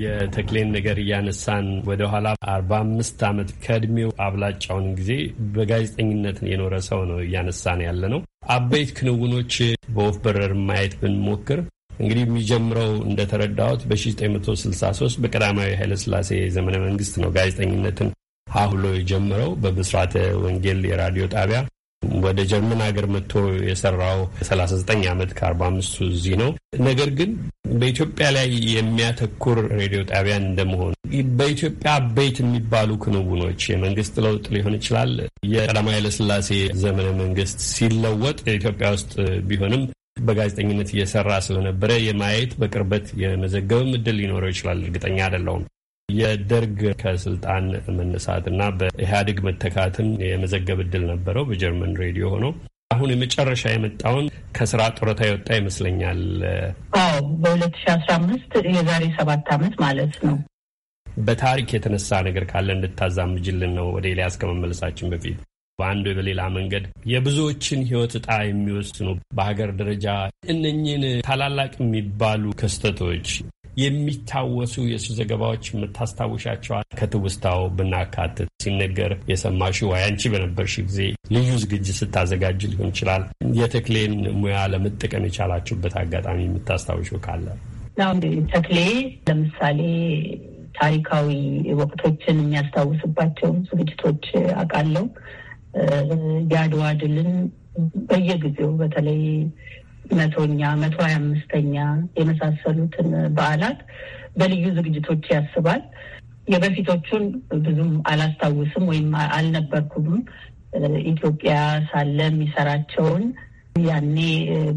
የተክሌን ነገር እያነሳን ወደኋላ አርባ አምስት ዓመት ከእድሜው አብላጫውን ጊዜ በጋዜጠኝነት የኖረ ሰው ነው እያነሳን ያለ ነው። አበይት ክንውኖች በወፍ በረር ማየት ብንሞክር እንግዲህ የሚጀምረው እንደተረዳሁት በ1963 በቀዳማዊ ኃይለስላሴ ዘመነ መንግስት ነው ጋዜጠኝነትን ሀሁሎ የጀምረው በብስራተ ወንጌል የራዲዮ ጣቢያ ወደ ጀርመን ሀገር መጥቶ የሰራው 39 ዓመት ከ45 እዚህ ነው። ነገር ግን በኢትዮጵያ ላይ የሚያተኩር ሬዲዮ ጣቢያን እንደመሆኑ በኢትዮጵያ አበይት የሚባሉ ክንውኖች የመንግስት ለውጥ ሊሆን ይችላል። የቀዳማዊ ኃይለስላሴ ዘመነ መንግስት ሲለወጥ ኢትዮጵያ ውስጥ ቢሆንም በጋዜጠኝነት እየሰራ ስለነበረ የማየት በቅርበት የመዘገብም እድል ሊኖረው ይችላል። እርግጠኛ አይደለሁም። የደርግ ከስልጣን መነሳትና በኢህአዴግ መተካትን የመዘገብ እድል ነበረው በጀርመን ሬዲዮ ሆኖ አሁን የመጨረሻ የመጣውን ከስራ ጡረታ የወጣ ይመስለኛል። አዎ በሁለት ሺ አስራ አምስት የዛሬ ሰባት አመት ማለት ነው። በታሪክ የተነሳ ነገር ካለ እንድታዛምጅልን ነው። ወደ ኤልያስ ከመመለሳችን በፊት በአንድ በሌላ መንገድ የብዙዎችን ህይወት እጣ የሚወስኑ በሀገር ደረጃ እነኝህን ታላላቅ የሚባሉ ክስተቶች የሚታወሱ የእሱ ዘገባዎች የምታስታውሻቸዋል? ከትውስታው ብናካትት ሲነገር የሰማሹ ወይ በነበርሽ ጊዜ ልዩ ዝግጅት ስታዘጋጅ ሊሆን ይችላል። የተክሌን ሙያ ለመጠቀም የቻላችሁበት አጋጣሚ የምታስታውሽው ካለ? ተክሌ ለምሳሌ ታሪካዊ ወቅቶችን የሚያስታውስባቸው ዝግጅቶች አውቃለሁ። የአድዋ ድልን በየጊዜው በተለይ መቶኛ፣ መቶ ሀያ አምስተኛ የመሳሰሉትን በዓላት በልዩ ዝግጅቶች ያስባል። የበፊቶቹን ብዙም አላስታውስም ወይም አልነበርኩም ኢትዮጵያ ሳለ የሚሰራቸውን ያኔ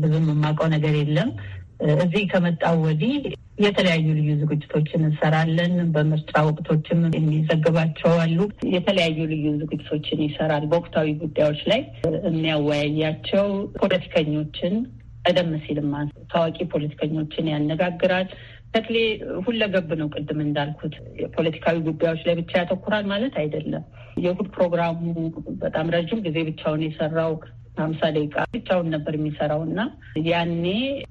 ብዙም የማውቀው ነገር የለም። እዚህ ከመጣው ወዲህ የተለያዩ ልዩ ዝግጅቶችን እንሰራለን። በምርጫ ወቅቶችም የሚዘግባቸው አሉ። የተለያዩ ልዩ ዝግጅቶችን ይሰራል። በወቅታዊ ጉዳዮች ላይ የሚያወያያቸው ፖለቲከኞችን ቀደም ሲልም ታዋቂ ፖለቲከኞችን ያነጋግራል። ተክሌ ሁለገብ ነው። ቅድም እንዳልኩት የፖለቲካዊ ጉዳዮች ላይ ብቻ ያተኩራል ማለት አይደለም። የእሑድ ፕሮግራሙ በጣም ረዥም ጊዜ ብቻውን የሰራው ሀምሳ ደቂቃ ብቻውን ነበር የሚሰራው እና ያኔ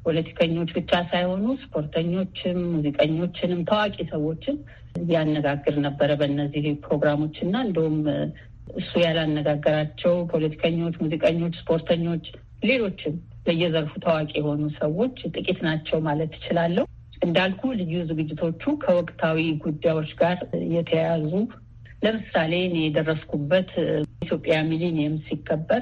ፖለቲከኞች ብቻ ሳይሆኑ ስፖርተኞችም፣ ሙዚቀኞችንም ታዋቂ ሰዎችን ያነጋግር ነበረ በእነዚህ ፕሮግራሞች እና እንደውም እሱ ያላነጋገራቸው ፖለቲከኞች፣ ሙዚቀኞች፣ ስፖርተኞች ሌሎችም በየዘርፉ ታዋቂ የሆኑ ሰዎች ጥቂት ናቸው ማለት እችላለሁ። እንዳልኩ ልዩ ዝግጅቶቹ ከወቅታዊ ጉዳዮች ጋር የተያያዙ ለምሳሌ እኔ የደረስኩበት ኢትዮጵያ ሚሊኒየም ሲከበር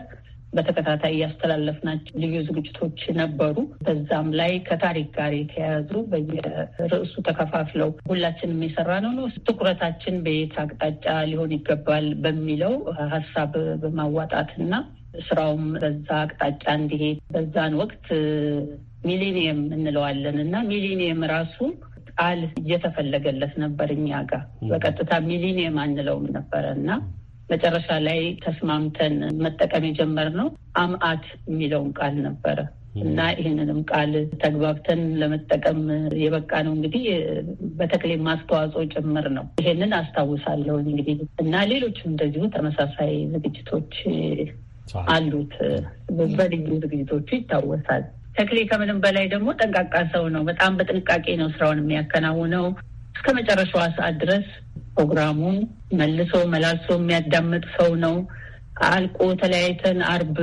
በተከታታይ እያስተላለፍናቸው ልዩ ዝግጅቶች ነበሩ። በዛም ላይ ከታሪክ ጋር የተያያዙ በየርዕሱ ተከፋፍለው ሁላችንም የሰራነው ነው። ትኩረታችን በየት አቅጣጫ ሊሆን ይገባል በሚለው ሀሳብ በማዋጣት እና ስራውም በዛ አቅጣጫ እንዲሄድ በዛን ወቅት ሚሊኒየም እንለዋለን እና ሚሊኒየም ራሱ ቃል እየተፈለገለት ነበር። እኛ ጋር በቀጥታ ሚሊኒየም አንለውም ነበረ እና መጨረሻ ላይ ተስማምተን መጠቀም የጀመርነው አምአት የሚለውን ቃል ነበረ እና ይህንንም ቃል ተግባብተን ለመጠቀም የበቃ ነው እንግዲህ በተክሌ ማስተዋጽኦ ጭምር ነው። ይሄንን አስታውሳለሁ እንግዲህ እና ሌሎችም እንደዚሁ ተመሳሳይ ዝግጅቶች አሉት። በልዩ ዝግጅቶቹ ይታወሳል። ተክሌ ከምንም በላይ ደግሞ ጠንቃቃ ሰው ነው። በጣም በጥንቃቄ ነው ስራውን የሚያከናውነው። እስከ መጨረሻዋ ሰዓት ድረስ ፕሮግራሙን መልሶ መላልሶ የሚያዳምጥ ሰው ነው። አልቆ ተለያይተን አርብ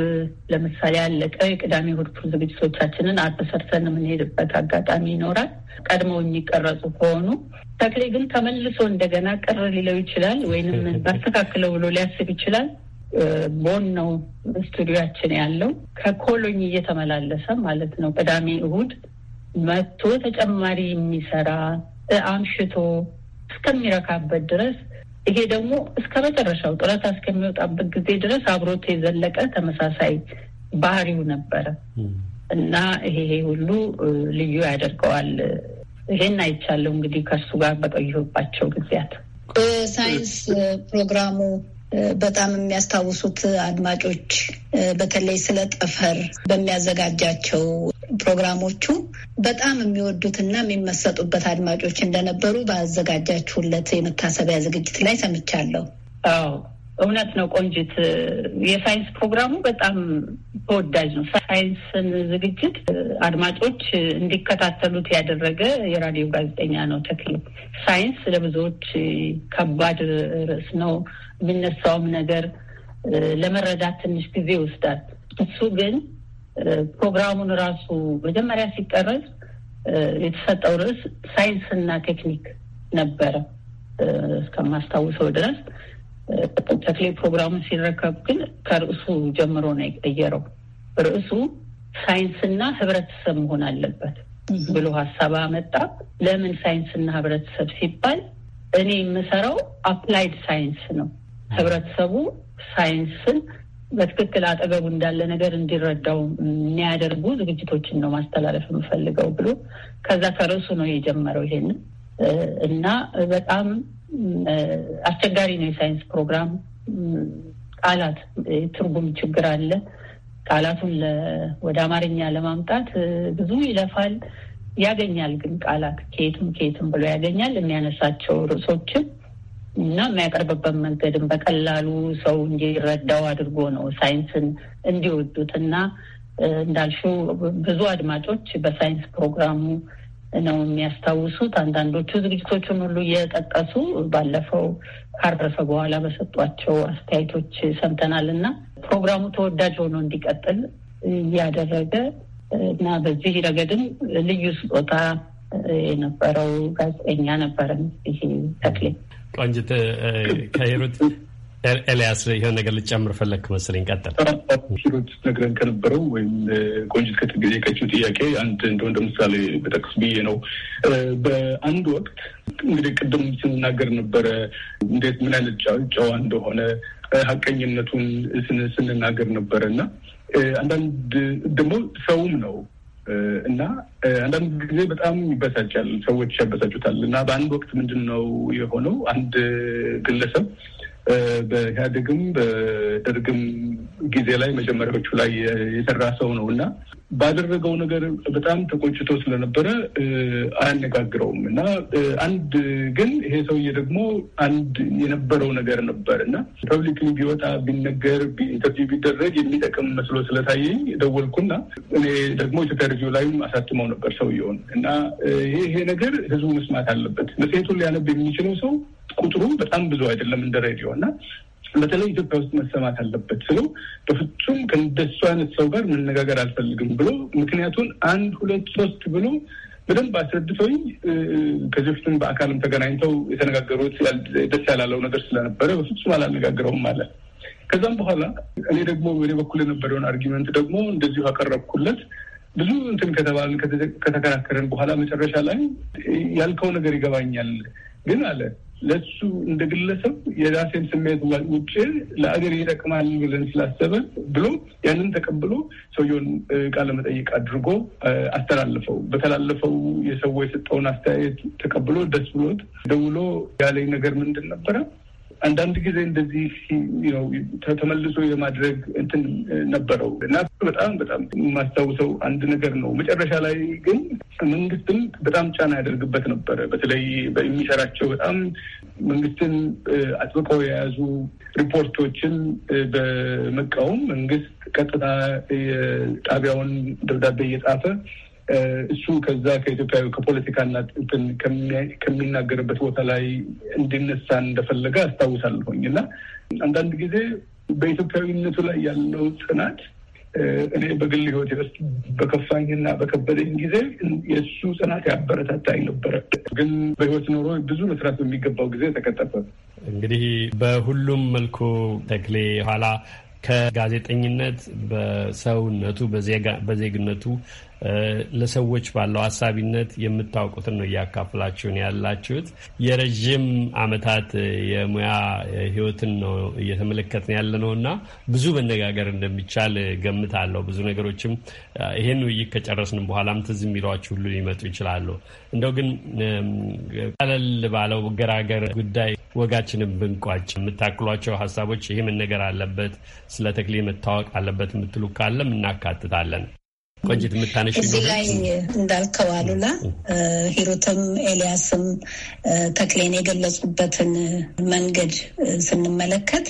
ለምሳሌ አለቀ፣ የቅዳሜ እሑድ ዝግጅቶቻችንን አርብ ሰርተን የምንሄድበት አጋጣሚ ይኖራል። ቀድመው የሚቀረጹ ከሆኑ ተክሌ ግን ተመልሶ እንደገና ቅር ሊለው ይችላል፣ ወይንም ባስተካክለው ብሎ ሊያስብ ይችላል። ቦን ነው ስቱዲያችን ያለው። ከኮሎኝ እየተመላለሰ ማለት ነው ቅዳሜ እሁድ መጥቶ ተጨማሪ የሚሰራ አምሽቶ እስከሚረካበት ድረስ ይሄ ደግሞ እስከ መጨረሻው ጡረታ እስከሚወጣበት ጊዜ ድረስ አብሮት የዘለቀ ተመሳሳይ ባህሪው ነበረ እና ይሄ ሁሉ ልዩ ያደርገዋል። ይሄን አይቻለሁ እንግዲህ ከእሱ ጋር በቆየሁባቸው ጊዜያት። ሳይንስ ፕሮግራሙ በጣም የሚያስታውሱት አድማጮች በተለይ ስለ ጠፈር በሚያዘጋጃቸው ፕሮግራሞቹ በጣም የሚወዱትና የሚመሰጡበት አድማጮች እንደነበሩ ባዘጋጃችሁለት የመታሰቢያ ዝግጅት ላይ ሰምቻለሁ። አዎ እውነት ነው ቆንጂት። የሳይንስ ፕሮግራሙ በጣም ተወዳጅ ነው። ሳይንስን ዝግጅት አድማጮች እንዲከታተሉት ያደረገ የራዲዮ ጋዜጠኛ ነው ተክሌ። ሳይንስ ለብዙዎች ከባድ ርዕስ ነው፣ የሚነሳውም ነገር ለመረዳት ትንሽ ጊዜ ይወስዳል። እሱ ግን ፕሮግራሙን ራሱ መጀመሪያ ሲቀረጽ የተሰጠው ርዕስ ሳይንስና ቴክኒክ ነበረ እስከማስታውሰው ድረስ። ተክሌ ፕሮግራሙን ሲረከብ ግን ከርዕሱ ጀምሮ ነው የቀየረው። ርዕሱ ሳይንስና ህብረተሰብ መሆን አለበት ብሎ ሀሳብ አመጣ። ለምን ሳይንስና ህብረተሰብ ሲባል እኔ የምሰራው አፕላይድ ሳይንስ ነው ህብረተሰቡ ሳይንስን በትክክል አጠገቡ እንዳለ ነገር እንዲረዳው የሚያደርጉ ዝግጅቶችን ነው ማስተላለፍ የምፈልገው ብሎ ከዛ ከርዕሱ ነው የጀመረው ይሄንን እና በጣም አስቸጋሪ ነው የሳይንስ ፕሮግራም። ቃላት ትርጉም ችግር አለ። ቃላቱን ወደ አማርኛ ለማምጣት ብዙ ይለፋል። ያገኛል ግን ቃላት ከየትም ከየትም ብሎ ያገኛል የሚያነሳቸው ርዕሶችን እና የሚያቀርብበት መንገድም በቀላሉ ሰው እንዲረዳው አድርጎ ነው ሳይንስን እንዲወዱት እና እንዳልሹ ብዙ አድማጮች በሳይንስ ፕሮግራሙ ነው የሚያስታውሱት። አንዳንዶቹ ዝግጅቶቹን ሁሉ እየጠቀሱ ባለፈው ካረፈ በኋላ በሰጧቸው አስተያየቶች ሰምተናል እና ፕሮግራሙ ተወዳጅ ሆኖ እንዲቀጥል እያደረገ እና በዚህ ረገድም ልዩ ስጦታ የነበረው ጋዜጠኛ ነበረ ይሄ ተክሌ ቆንጅት ከሄሩት ኤልያስ የሆነ ነገር ልጨምር ፈለግ መሰለኝ። ቀጠል ሂሩት ነግረን ከነበረው ወይም ቆንጅት ከተጠየቀችው ጥያቄ አንድ እንደው እንደ ምሳሌ በጠቅስ ብዬ ነው። በአንድ ወቅት እንግዲህ ቅድም ስንናገር ነበረ እንዴት ምን አይነት ጨዋ እንደሆነ ሀቀኝነቱን ስንናገር ነበረ እና አንዳንድ ደግሞ ሰውም ነው እና አንዳንድ ጊዜ በጣም ይበሳጫል፣ ሰዎች ያበሳጩታል። እና በአንድ ወቅት ምንድን ነው የሆነው አንድ ግለሰብ በኢህአዴግም በደርግም ጊዜ ላይ መጀመሪያዎቹ ላይ የሰራ ሰው ነው እና ባደረገው ነገር በጣም ተቆጭቶ ስለነበረ አያነጋግረውም እና አንድ ግን ይሄ ሰውዬ ደግሞ አንድ የነበረው ነገር ነበር እና ፐብሊክሊ ቢወጣ ቢነገር ኢንተርቪው ቢደረግ የሚጠቅም መስሎ ስለታየኝ ደወልኩና እኔ ደግሞ ኢትዮጵያ ሪቪው ላይም አሳትመው ነበር ሰውየውን እና ይሄ ነገር ህዝቡ መስማት አለበት። መጽሔቱን ሊያነብ የሚችለው ሰው ቁጥሩ በጣም ብዙ አይደለም እንደ ሬዲዮ እና በተለይ ኢትዮጵያ ውስጥ መሰማት አለበት ስለው በፍጹም ከእንደሱ አይነት ሰው ጋር መነጋገር አልፈልግም ብሎ ምክንያቱን አንድ ሁለት ሶስት ብሎ በደንብ አስረድተውኝ ከዚህ በፊትም በአካልም ተገናኝተው የተነጋገሩት ደስ ያላለው ነገር ስለነበረ በፍጹም አላነጋግረውም አለ። ከዛም በኋላ እኔ ደግሞ በእኔ በኩል የነበረውን አርጊመንት ደግሞ እንደዚሁ አቀረብኩለት። ብዙ እንትን ከተባልን ከተከራከረን በኋላ መጨረሻ ላይ ያልከው ነገር ይገባኛል ግን አለ ለሱ እንደ ግለሰብ የራሴን ስሜት ውጭ ለአገር ይጠቅማል ብለን ስላሰበ ብሎ ያንን ተቀብሎ ሰውየውን ቃለመጠይቅ አድርጎ አስተላለፈው። በተላለፈው የሰው የሰጠውን አስተያየት ተቀብሎ ደስ ብሎት ደውሎ ያለኝ ነገር ምንድን ነበረ? አንዳንድ ጊዜ እንደዚህ ተመልሶ የማድረግ እንትን ነበረው እና በጣም በጣም የማስታውሰው አንድ ነገር ነው። መጨረሻ ላይ ግን መንግስትም በጣም ጫና ያደርግበት ነበረ። በተለይ የሚሰራቸው በጣም መንግስትን አጥብቀው የያዙ ሪፖርቶችን በመቃወም መንግስት ቀጥታ የጣቢያውን ደብዳቤ እየጻፈ እሱ ከዛ ከኢትዮጵያዊ ከፖለቲካና እንትን ከሚናገርበት ቦታ ላይ እንዲነሳ እንደፈለገ አስታውሳለሁኝ እና አንዳንድ ጊዜ በኢትዮጵያዊነቱ ላይ ያለው ጽናት እኔ በግል ሕይወቴ ውስጥ በከፋኝና በከበደኝ ጊዜ የእሱ ጽናት ያበረታታኝ ነበረ። ግን በሕይወት ኖሮ ብዙ መስራት በሚገባው ጊዜ ተቀጠፈ። እንግዲህ በሁሉም መልኩ ተክሌ ኋላ ከጋዜጠኝነት በሰውነቱ በዜግነቱ ለሰዎች ባለው ሀሳቢነት የምታውቁትን ነው እያካፍላችሁን ያላችሁት። የረዥም ዓመታት የሙያ ህይወትን ነው እየተመለከትን ያለ ነው እና ብዙ መነጋገር እንደሚቻል ገምታለሁ። ብዙ ነገሮችም ይሄን ውይይት ከጨረስንም በኋላም ትዝ የሚሏችሁ ሁሉ ሊመጡ ይችላሉ። እንደው ግን ቀለል ባለው ገራገር ጉዳይ ወጋችንን ብንቋጭ የምታክሏቸው ሀሳቦች ይሄ መነገር አለበት፣ ስለ ተክሌ መታወቅ አለበት የምትሉ ካለም እናካትታለን። ቆንጅት የምታነሽ እዚህ ላይ እንዳልከው አሉላ ሂሩትም ኤልያስም ተክሌን የገለጹበትን መንገድ ስንመለከት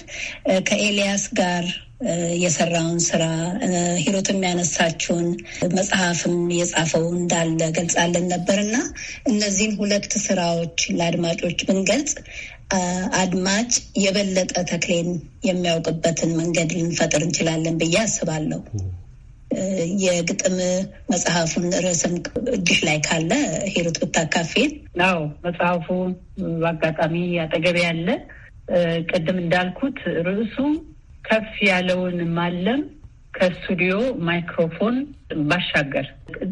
ከኤልያስ ጋር የሰራውን ስራ ሂሩት የሚያነሳችውን መጽሐፍም የጻፈው እንዳለ ገልጻለን ነበር እና እነዚህን ሁለት ስራዎች ለአድማጮች ብንገልጽ አድማጭ የበለጠ ተክሌን የሚያውቅበትን መንገድ ልንፈጥር እንችላለን ብዬ አስባለሁ። የግጥም መጽሐፉን ርዕስም እጅሽ ላይ ካለ ሂሩት ብታካፌን። አዎ መጽሐፉ በአጋጣሚ አጠገብ ያለ ቅድም እንዳልኩት ርዕሱ ከፍ ያለውን ማለም ከስቱዲዮ ማይክሮፎን ባሻገር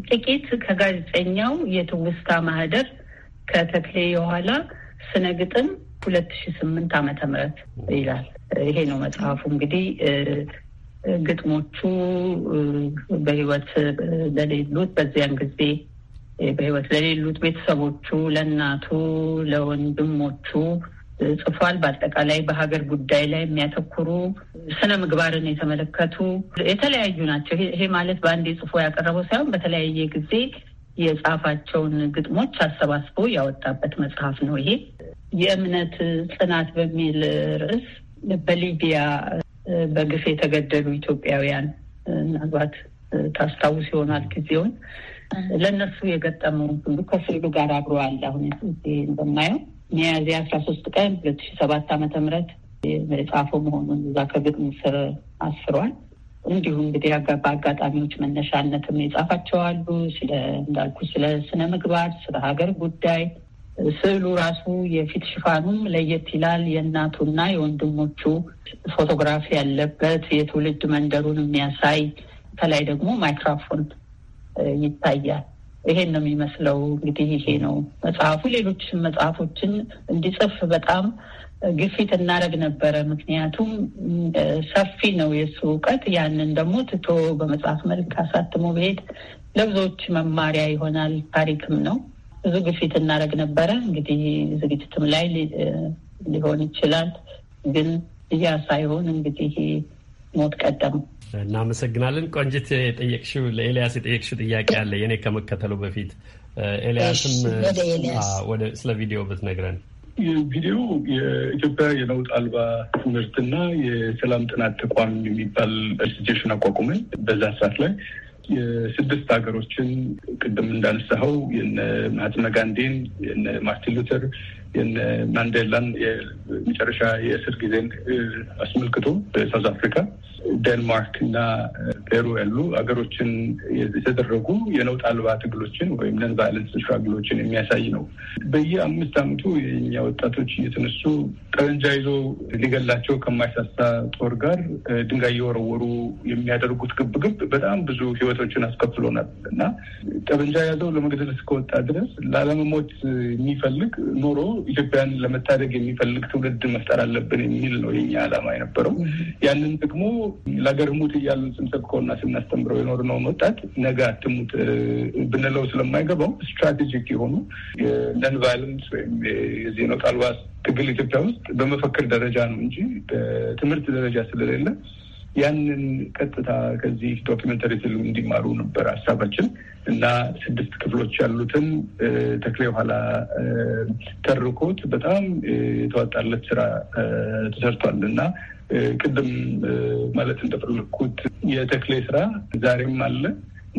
ጥቂት ከጋዜጠኛው የትውስታ ማህደር ከተክሌ የኋላ ስነ ግጥም ሁለት ሺ ስምንት ዓመተ ምህረት ይላል። ይሄ ነው መጽሐፉ እንግዲህ ግጥሞቹ በህይወት ለሌሉት በዚያን ጊዜ በህይወት ለሌሉት ቤተሰቦቹ፣ ለእናቱ፣ ለወንድሞቹ ጽፏል። በአጠቃላይ በሀገር ጉዳይ ላይ የሚያተኩሩ ስነ ምግባርን የተመለከቱ የተለያዩ ናቸው። ይሄ ማለት በአንድ ጽፎ ያቀረበው ሳይሆን በተለያየ ጊዜ የጻፋቸውን ግጥሞች አሰባስቦ ያወጣበት መጽሐፍ ነው። ይሄ የእምነት ጽናት በሚል ርዕስ በሊቢያ በግፍ የተገደሉ ኢትዮጵያውያን ምናልባት ታስታውስ ይሆናል ጊዜውን ለእነሱ የገጠመው ሁሉ ከስዕሉ ጋር አብሮ አለ። አሁን እንደማየው ሚያዝያ አስራ ሶስት ቀን ሁለት ሺ ሰባት ዓመተ ምህረት የጻፈው መሆኑን እዛ ከግጥሙ ስር አስሯል። እንዲሁም እንግዲህ በአጋጣሚዎች መነሻነትም የጻፋቸው አሉ። ስለ እንዳልኩ ስለ ስነ ምግባር፣ ስለ ሀገር ጉዳይ ስዕሉ ራሱ የፊት ሽፋኑም ለየት ይላል። የእናቱና የወንድሞቹ ፎቶግራፍ ያለበት የትውልድ መንደሩን የሚያሳይ ከላይ ደግሞ ማይክሮፎን ይታያል። ይሄን ነው የሚመስለው። እንግዲህ ይሄ ነው መጽሐፉ። ሌሎች መጽሐፎችን እንዲጽፍ በጣም ግፊት እናደርግ ነበረ። ምክንያቱም ሰፊ ነው የእሱ እውቀት። ያንን ደግሞ ትቶ በመጽሐፍ መልክ አሳትሞ ብሄድ ለብዙዎች መማሪያ ይሆናል፣ ታሪክም ነው። ብዙ ግፊት እናደርግ ነበረ። እንግዲህ ዝግጅትም ላይ ሊሆን ይችላል ግን እያ ሳይሆን እንግዲህ ሞት ቀደሙ። እናመሰግናለን። ቆንጅት የጠየቅሽው ለኤልያስ የጠየቅሽው ጥያቄ አለ የኔ ከመከተሉ በፊት ኤልያስም ወደ ስለ ቪዲዮ ብትነግረን። ቪዲዮ የኢትዮጵያ የነውጥ አልባ ትምህርትና የሰላም ጥናት ተቋም የሚባል ኢንስቲቱሽን አቋቁመን በዛ ሰዓት ላይ የስድስት ሀገሮችን ቅድም እንዳነሳኸው የነ ማህትመ ጋንዴን የነ ማርቲን ሉተር ማንዴላን የመጨረሻ የእስር ጊዜን አስመልክቶ በሳውዝ አፍሪካ፣ ዴንማርክ እና ፔሩ ያሉ ሀገሮችን የተደረጉ የነውጥ አልባ ትግሎችን ወይም ነን ቫይለንስ የሚያሳይ ነው። በየአምስት ዓመቱ የኛ ወጣቶች እየተነሱ ጠረንጃ ይዞ ሊገላቸው ከማይሳሳ ጦር ጋር ድንጋይ እየወረወሩ የሚያደርጉት ግብግብ በጣም ብዙ ህይወቶችን አስከፍሎናል እና ጠመንጃ ያዘው ለመግደል እስከወጣ ድረስ ላለመሞት የሚፈልግ ኑሮ ኢትዮጵያን ለመታደግ የሚፈልግ ትውልድ መፍጠር አለብን የሚል ነው የኛ ዓላማ የነበረው። ያንን ደግሞ ለገር ሙት እያለን ስንሰብከውና ስናስተምረው የኖርነውን ወጣት ነገ አትሙት ብንለው ስለማይገባው ስትራቴጂክ የሆኑ የነን ቫይለንስ ወይም የዚህ ነው ትግል ኢትዮጵያ ውስጥ በመፈክር ደረጃ ነው እንጂ በትምህርት ደረጃ ስለሌለ ያንን ቀጥታ ከዚህ ዶኪመንተሪ ፊልም እንዲማሩ ነበር ሀሳባችን እና ስድስት ክፍሎች ያሉትን ተክሌ የኋላ ተርኮት በጣም የተዋጣለት ስራ ተሰርቷል እና ቅድም ማለት እንደፈለግኩት የተክሌ ስራ ዛሬም አለ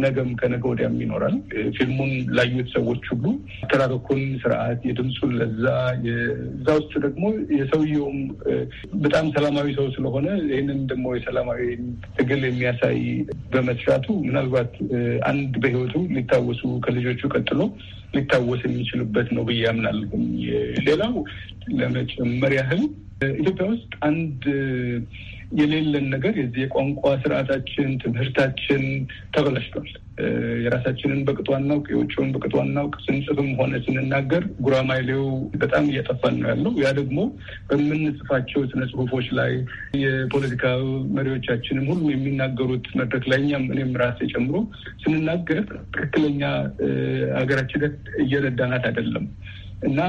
ነገም ከነገ ወዲያም ይኖራል። ፊልሙን ላዩት ሰዎች ሁሉ አተራረኩን ስርዓት፣ የድምፁን ለዛ፣ እዛ ውስጥ ደግሞ የሰውየውም በጣም ሰላማዊ ሰው ስለሆነ ይህንን ደግሞ የሰላማዊ ትግል የሚያሳይ በመስራቱ ምናልባት አንድ በህይወቱ ሊታወሱ ከልጆቹ ቀጥሎ ሊታወስ የሚችሉበት ነው ብዬ አምናለሁ። ሌላው ለመጨመር ያህል ኢትዮጵያ ውስጥ አንድ የሌለን ነገር የዚህ የቋንቋ ስርዓታችን ትምህርታችን ተበላሽቷል። የራሳችንን በቅጡ አናውቅ፣ የውጭውን በቅጡ አናውቅ። ስንጽፍም ሆነ ስንናገር ጉራማይሌው በጣም እያጠፋን ነው ያለው። ያ ደግሞ በምንጽፋቸው ስነ ጽሁፎች ላይ የፖለቲካ መሪዎቻችንም ሁሉ የሚናገሩት መድረክ ላይ እኛም እኔም ራሴ ጨምሮ ስንናገር ትክክለኛ ሀገራችንን እየረዳናት አይደለም። እና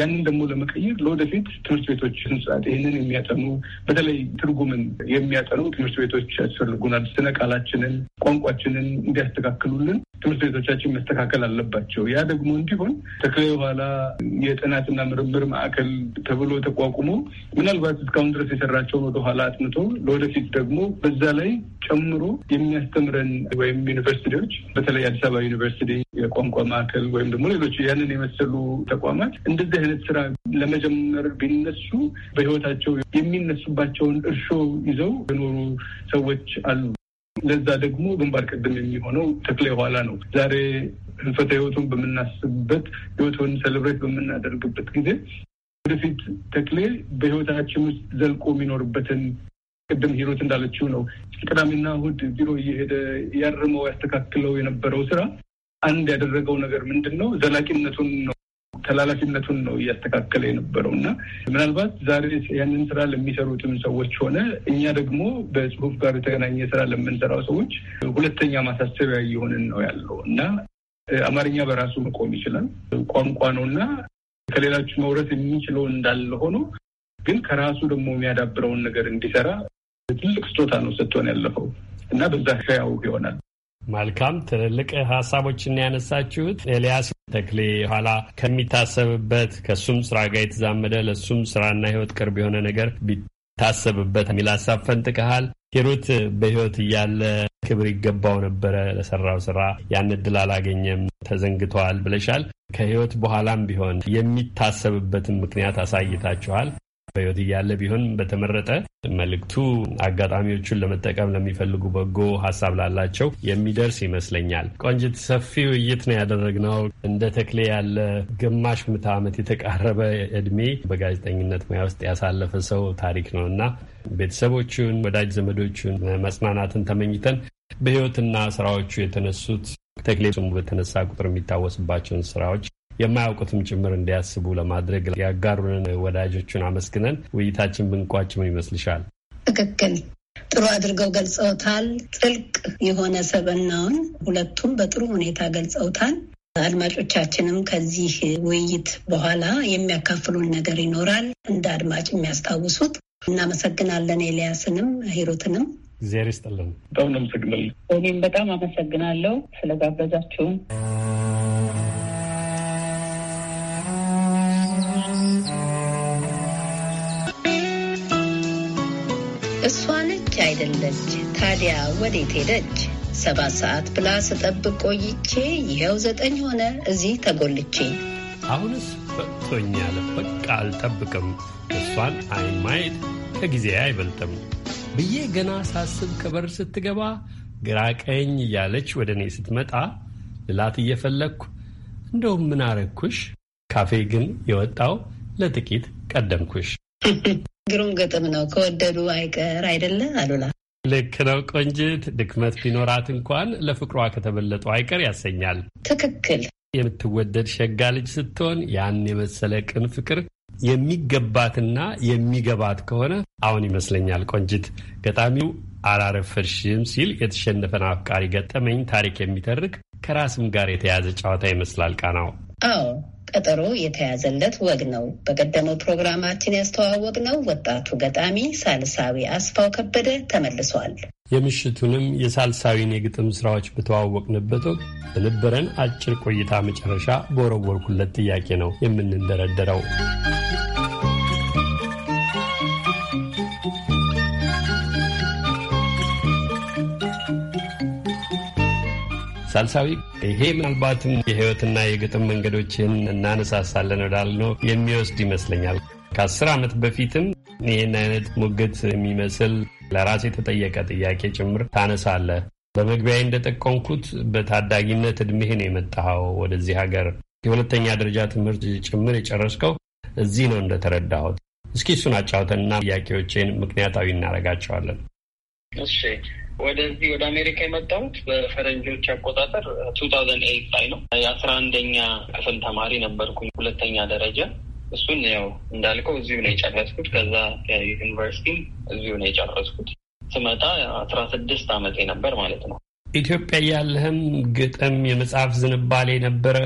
ያንን ደግሞ ለመቀየር ለወደፊት ትምህርት ቤቶች ስንጻት ይህንን የሚያጠኑ በተለይ ትርጉምን የሚያጠኑ ትምህርት ቤቶች ያስፈልጉናል። ስነ ቃላችንን፣ ቋንቋችንን እንዲያስተካክሉልን ትምህርት ቤቶቻችን መስተካከል አለባቸው። ያ ደግሞ እንዲሆን ተክለ በኋላ የጥናትና ምርምር ማዕከል ተብሎ ተቋቁሞ ምናልባት እስካሁን ድረስ የሰራቸውን ወደኋላ አጥንቶ ለወደፊት ደግሞ በዛ ላይ ጨምሮ የሚያስተምረን ወይም ዩኒቨርሲቲዎች በተለይ አዲስ አበባ ዩኒቨርሲቲ የቋንቋ ማዕከል ወይም ደግሞ ሌሎች ያንን የመሰሉ ተቋማት እንደዚህ አይነት ስራ ለመጀመር ቢነሱ በህይወታቸው የሚነሱባቸውን እርሾ ይዘው የኖሩ ሰዎች አሉ። ለዛ ደግሞ ግንባር ቀደም የሚሆነው ተክለ የኋላ ነው። ዛሬ ህልፈተ ህይወቱን በምናስብበት ህይወቱን ሰልብሬት በምናደርግበት ጊዜ ወደፊት ተክሌ በህይወታችን ውስጥ ዘልቆ የሚኖርበትን ቅድም ሂሮት እንዳለችው ነው ቅዳሜና እሑድ ቢሮ እየሄደ ያርመው ያስተካክለው የነበረው ስራ አንድ ያደረገው ነገር ምንድን ነው? ዘላቂነቱን ነው ተላላፊነቱን ነው እያስተካከለ የነበረው እና ምናልባት ዛሬ ያንን ስራ ለሚሰሩትም ሰዎች ሆነ እኛ ደግሞ በጽሁፍ ጋር የተገናኘ ስራ ለምንሰራው ሰዎች ሁለተኛ ማሳሰቢያ እየሆንን ነው ያለው እና አማርኛ በራሱ መቆም ይችላል ቋንቋ ነው እና ከሌላችሁ መውረስ የሚችለው እንዳለ ሆኖ ግን ከራሱ ደግሞ የሚያዳብረውን ነገር እንዲሰራ ትልቅ ስጦታ ነው ሰጥቶን ያለፈው እና በዛ ሕያው ይሆናል። መልካም ትልልቅ ሀሳቦችን ያነሳችሁት ኤልያስ ተክሌ ኋላ ከሚታሰብበት ከሱም ስራ ጋር የተዛመደ ለሱም ስራና ህይወት ቅርብ የሆነ ነገር ቢታሰብበት የሚል ሀሳብ ፈንጥቀሃል። ሂሩት በህይወት እያለ ክብር ይገባው ነበረ ለሰራው ስራ ያን እድል አላገኘም፣ ተዘንግተዋል ብለሻል። ከህይወት በኋላም ቢሆን የሚታሰብበትን ምክንያት አሳይታችኋል። በህይወት እያለ ቢሆን በተመረጠ መልእክቱ አጋጣሚዎቹን ለመጠቀም ለሚፈልጉ በጎ ሀሳብ ላላቸው የሚደርስ ይመስለኛል። ቆንጅት፣ ሰፊ ውይይት ነው ያደረግነው። እንደ ተክሌ ያለ ግማሽ ምዕተ ዓመት የተቃረበ እድሜ በጋዜጠኝነት ሙያ ውስጥ ያሳለፈ ሰው ታሪክ ነው እና ቤተሰቦቹን፣ ወዳጅ ዘመዶቹን መጽናናትን ተመኝተን በህይወትና ስራዎቹ የተነሱት ተክሌ ስሙ በተነሳ ቁጥር የሚታወስባቸውን ስራዎች የማያውቁትም ጭምር እንዲያስቡ ለማድረግ ያጋሩንን ወዳጆቹን አመስግነን ውይይታችን ብንቋጭ ምን ይመስልሻል? ትክክል። ጥሩ አድርገው ገልጸውታል። ጥልቅ የሆነ ሰብናውን ሁለቱም በጥሩ ሁኔታ ገልጸውታል። አድማጮቻችንም ከዚህ ውይይት በኋላ የሚያካፍሉን ነገር ይኖራል፣ እንደ አድማጭ የሚያስታውሱት። እናመሰግናለን ኤልያስንም ሂሩትንም እግዚአብሔር ይስጥልን። በጣም እኔም በጣም አመሰግናለሁ ስለጋበዛችሁም። እሷ ነች አይደለች? ታዲያ ወዴት ሄደች? ሰባት ሰዓት ብላ ስጠብቅ ቆይቼ ይኸው ዘጠኝ ሆነ እዚህ ተጎልቼ። አሁንስ ፈጥቶኛል በቃ አልጠብቅም እሷን አይን ማየት ከጊዜ አይበልጥም ብዬ ገና ሳስብ ከበር ስትገባ ግራ ቀኝ እያለች ወደ እኔ ስትመጣ ልላት እየፈለግኩ እንደውም ምን አረግኩሽ፣ ካፌ ግን የወጣው ለጥቂት ቀደምኩሽ። ግሩም ግጥም ነው። ከወደዱ አይቀር አይደለ አሉላ? ልክ ነው ቆንጅት። ድክመት ቢኖራት እንኳን ለፍቅሯ ከተበለጡ አይቀር ያሰኛል። ትክክል። የምትወደድ ሸጋ ልጅ ስትሆን ያን የመሰለ ቅን ፍቅር የሚገባትና የሚገባት ከሆነ አሁን ይመስለኛል ቆንጅት ገጣሚው አላረፈርሽም ሲል የተሸነፈን አፍቃሪ ገጠመኝ ታሪክ የሚተርክ ከራስም ጋር የተያዘ ጨዋታ ይመስላል ቃናው። አዎ ቀጠሮ የተያዘለት ወግ ነው። በቀደመው ፕሮግራማችን ያስተዋወቅ ነው! ወጣቱ ገጣሚ ሳልሳዊ አስፋው ከበደ ተመልሷል። የምሽቱንም የሳልሳዊን የግጥም ስራዎች በተዋወቅንበት ወቅት በነበረን አጭር ቆይታ መጨረሻ በወረወርኩለት ጥያቄ ነው የምንደረደረው። ሳልሳዊ፣ ይሄ ምናልባትም የህይወትና የግጥም መንገዶችን እናነሳሳለን ወዳልነው የሚወስድ ይመስለኛል። ከአስር ዓመት በፊትም ይህን አይነት ሙግት የሚመስል ለራስ የተጠየቀ ጥያቄ ጭምር ታነሳለህ። በመግቢያ እንደጠቀምኩት በታዳጊነት እድሜህ ነው የመጣኸው ወደዚህ ሀገር። የሁለተኛ ደረጃ ትምህርት ጭምር የጨረስከው እዚህ ነው እንደተረዳሁት። እስኪ እሱን አጫውተንና ጥያቄዎቼን ምክንያታዊ እናደርጋቸዋለን። እሺ ወደዚህ ወደ አሜሪካ የመጣሁት በፈረንጆች አቆጣጠር ቱ ታውዘንድ ኤይት ላይ ነው። የአስራ አንደኛ ክፍል ተማሪ ነበርኩኝ ሁለተኛ ደረጃ። እሱን ያው እንዳልከው እዚሁ ነው የጨረስኩት። ከዛ ዩኒቨርሲቲም እዚሁ ነው የጨረስኩት። ስመጣ አስራ ስድስት አመቴ ነበር ማለት ነው። ኢትዮጵያ ያለህም ግጥም የመጽሐፍ ዝንባሌ ነበረ።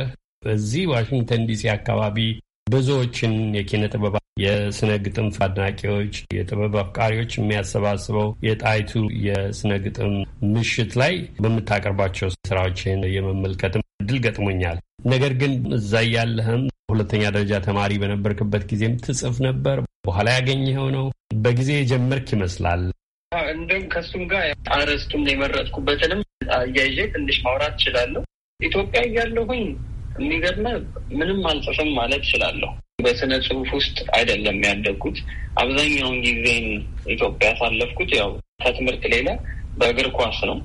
በዚህ ዋሽንግተን ዲሲ አካባቢ ብዙዎችን የኪነ ጥበባ የስነ ግጥም አድናቂዎች፣ የጥበብ አፍቃሪዎች የሚያሰባስበው የጣይቱ የስነ ግጥም ምሽት ላይ በምታቀርባቸው ስራዎችን የመመልከትም እድል ገጥሞኛል። ነገር ግን እዛ እያለህም ሁለተኛ ደረጃ ተማሪ በነበርክበት ጊዜም ትጽፍ ነበር። በኋላ ያገኘኸው ነው። በጊዜ የጀመርክ ይመስላል። እንደም ከሱም ጋር አርዕስቱን የመረጥኩበትንም አያይዤ ትንሽ ማውራት እችላለሁ። ኢትዮጵያ እያለሁኝ የሚገርመ ምንም አልጽፍም ማለት እችላለሁ። በስነ ጽሁፍ ውስጥ አይደለም ያደግኩት። አብዛኛውን ጊዜን ኢትዮጵያ ያሳለፍኩት ያው ከትምህርት ሌላ በእግር ኳስ ነው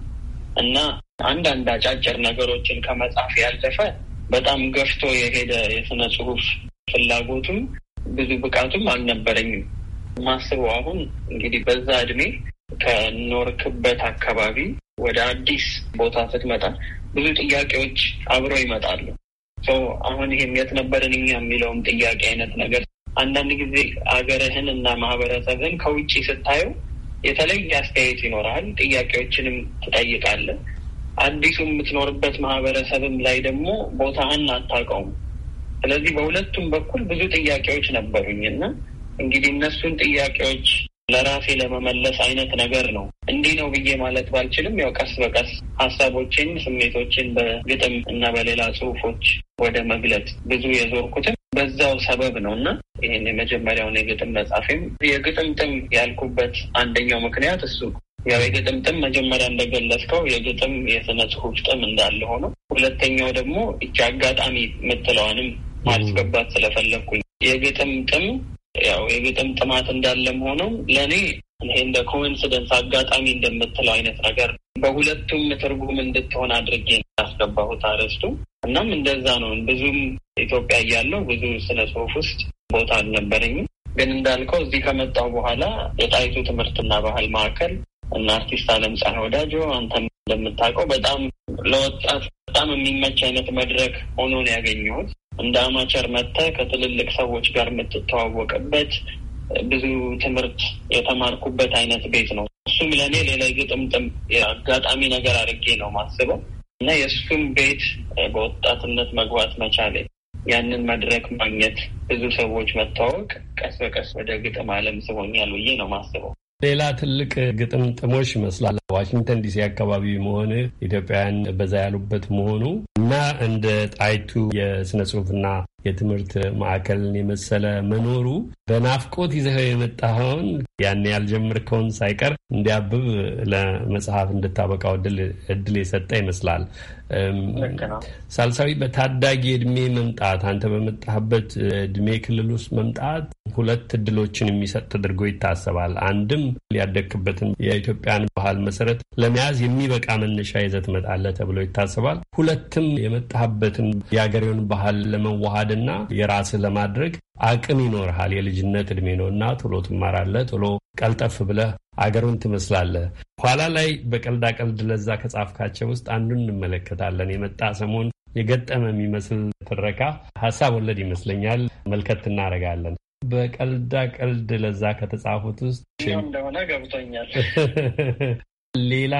እና አንዳንድ አጫጭር ነገሮችን ከመጻፍ ያለፈ በጣም ገፍቶ የሄደ የስነ ጽሁፍ ፍላጎቱም ብዙ ብቃቱም አልነበረኝም። ማስበው አሁን እንግዲህ በዛ እድሜ ከኖርክበት አካባቢ ወደ አዲስ ቦታ ስትመጣ ብዙ ጥያቄዎች አብሮ ይመጣሉ። አሁን ይሄም የት ነበርን እኛ የሚለውም ጥያቄ አይነት ነገር አንዳንድ ጊዜ አገርህን እና ማህበረሰብህን ከውጭ ስታዩ የተለየ አስተያየት ይኖራል። ጥያቄዎችንም ትጠይቃለህ። አዲሱ የምትኖርበት ማህበረሰብም ላይ ደግሞ ቦታህን አታውቀውም። ስለዚህ በሁለቱም በኩል ብዙ ጥያቄዎች ነበሩኝ እና እንግዲህ እነሱን ጥያቄዎች ለራሴ ለመመለስ አይነት ነገር ነው። እንዲህ ነው ብዬ ማለት ባልችልም ያው ቀስ በቀስ ሀሳቦችን፣ ስሜቶችን በግጥም እና በሌላ ጽሁፎች ወደ መግለጽ ብዙ የዞርኩትም በዛው ሰበብ ነው እና ይህን የመጀመሪያውን የግጥም መጻፌም የግጥምጥም ያልኩበት አንደኛው ምክንያት እሱ ያው የግጥምጥም መጀመሪያ እንደገለጽከው የግጥም የስነ ጽሁፍ ጥም እንዳለ ሆኖ፣ ሁለተኛው ደግሞ እቺ አጋጣሚ የምትለዋንም ማስገባት ስለፈለግኩኝ የግጥም ጥም ያው የግጥም ጥማት እንዳለም ሆኖ ለእኔ ይሄ እንደ ኮንስደንስ አጋጣሚ እንደምትለው አይነት ነገር በሁለቱም ትርጉም እንድትሆን አድርጌ ያስገባሁት አርዕስቱ። እናም እንደዛ ነው። ብዙም ኢትዮጵያ እያለሁ ብዙ ስነ ጽሁፍ ውስጥ ቦታ አልነበረኝም። ግን እንዳልከው እዚህ ከመጣሁ በኋላ የጣይቱ ትምህርትና ባህል ማዕከል እና አርቲስት አለም ፀሐይ ወዳጆ አንተም እንደምታውቀው በጣም ለወጣት በጣም የሚመች አይነት መድረክ ሆኖ ነው ያገኘሁት። እንደ አማቸር መተ ከትልልቅ ሰዎች ጋር የምትተዋወቅበት ብዙ ትምህርት የተማርኩበት አይነት ቤት ነው። እሱም ለእኔ ሌላ ግጥምጥም የአጋጣሚ ነገር አድርጌ ነው ማስበው እና የእሱም ቤት በወጣትነት መግባት መቻሌ ያንን መድረክ ማግኘት ብዙ ሰዎች መተዋወቅ ቀስ በቀስ ወደ ግጥም ዓለም ስቦኛል ብዬ ነው ማስበው። ሌላ ትልቅ ጥሞሽ ይመስላል። ዋሽንግተን ዲሲ አካባቢ መሆን ኢትዮጵያውያን በዛ ያሉበት መሆኑ እና እንደ ጣይቱ የስነ ጽሁፍና የትምህርት ማዕከልን የመሰለ መኖሩ በናፍቆት ይዘኸው የመጣኸውን ያን ያልጀመርከውን ሳይቀር እንዲያብብ ለመጽሐፍ እንድታበቃው እድል የሰጠ ይመስላል። ሳልሳዊ፣ በታዳጊ እድሜ መምጣት አንተ በመጣህበት እድሜ ክልል ውስጥ መምጣት ሁለት እድሎችን የሚሰጥ ተደርጎ ይታሰባል። አንድም ያደግክበትን የኢትዮጵያን ባህል መሰረት ለመያዝ የሚበቃ መነሻ ይዘት መጣለ ተብሎ ይታሰባል። ሁለትም የመጣህበትን የአገሬውን ባህል ለመዋሃድ ለመካድና የራስን ለማድረግ አቅም ይኖርሃል። የልጅነት እድሜ ነው እና ቶሎ ትማራለህ። ቶሎ ቀልጠፍ ብለህ አገሩን ትመስላለህ። ኋላ ላይ በቀልዳ ቀልድ ለዛ ከጻፍካቸው ውስጥ አንዱን እንመለከታለን። የመጣ ሰሞን የገጠመ የሚመስል ትረካ ሀሳብ ወለድ ይመስለኛል። መልከት እናደርጋለን። በቀልዳ ቀልድ ለዛ ከተጻፉት ውስጥ እንደሆነ ገብቶኛል። ሌላ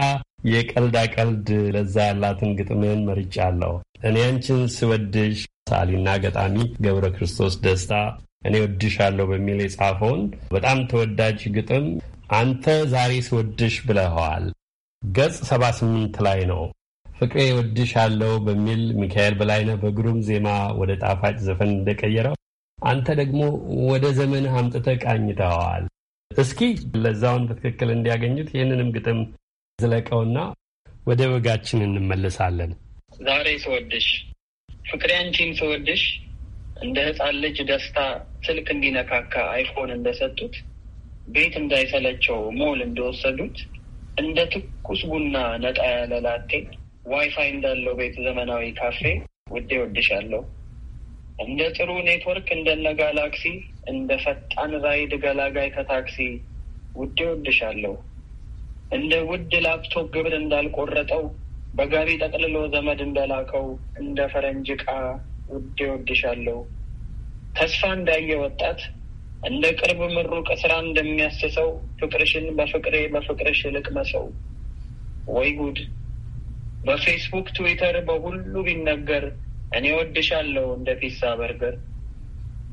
የቀልዳ ቀልድ ለዛ ያላትን ግጥምህን አለው እኔ አንቺን ስወድሽ ሰዓሊና ገጣሚ ገብረ ክርስቶስ ደስታ እኔ ወድሻለሁ በሚል የጻፈውን በጣም ተወዳጅ ግጥም አንተ ዛሬ ስወድሽ ብለኸዋል። ገጽ 78 ላይ ነው። ፍቅሬ ወድሻለሁ በሚል ሚካኤል በላይነህ በግሩም ዜማ ወደ ጣፋጭ ዘፈን እንደቀየረው አንተ ደግሞ ወደ ዘመንህ አምጥተህ ቃኝተኸዋል። እስኪ ለዛውን በትክክል እንዲያገኙት ይህንንም ግጥም ዝለቀውና ወደ ወጋችን እንመለሳለን። ዛሬ ስወድሽ ፍቅሬ አንቺን ስወድሽ እንደ ህፃን ልጅ ደስታ ስልክ እንዲነካካ አይፎን እንደሰጡት ቤት እንዳይሰለቸው ሞል እንደወሰዱት እንደ ትኩስ ቡና ነጣ ያለ ላቴ ዋይፋይ እንዳለው ቤት ዘመናዊ ካፌ ውዴ ወድሻለሁ እንደ ጥሩ ኔትወርክ እንደነ ጋላክሲ እንደ ፈጣን ራይድ ገላጋይ ከታክሲ ውዴ ወድሻለሁ እንደ ውድ ላፕቶፕ ግብር እንዳልቆረጠው በጋቢ ጠቅልሎ ዘመድ እንደላከው እንደ ፈረንጅ ዕቃ ውዴ ወድሻለሁ። ተስፋ እንዳየ ወጣት እንደ ቅርብ ምሩቅ ስራ እንደሚያስሰው ፍቅርሽን በፍቅሬ በፍቅርሽ ልቅመሰው። ወይ ጉድ! በፌስቡክ ትዊተር፣ በሁሉ ቢነገር እኔ ወድሻለሁ እንደ ፒሳ በርገር።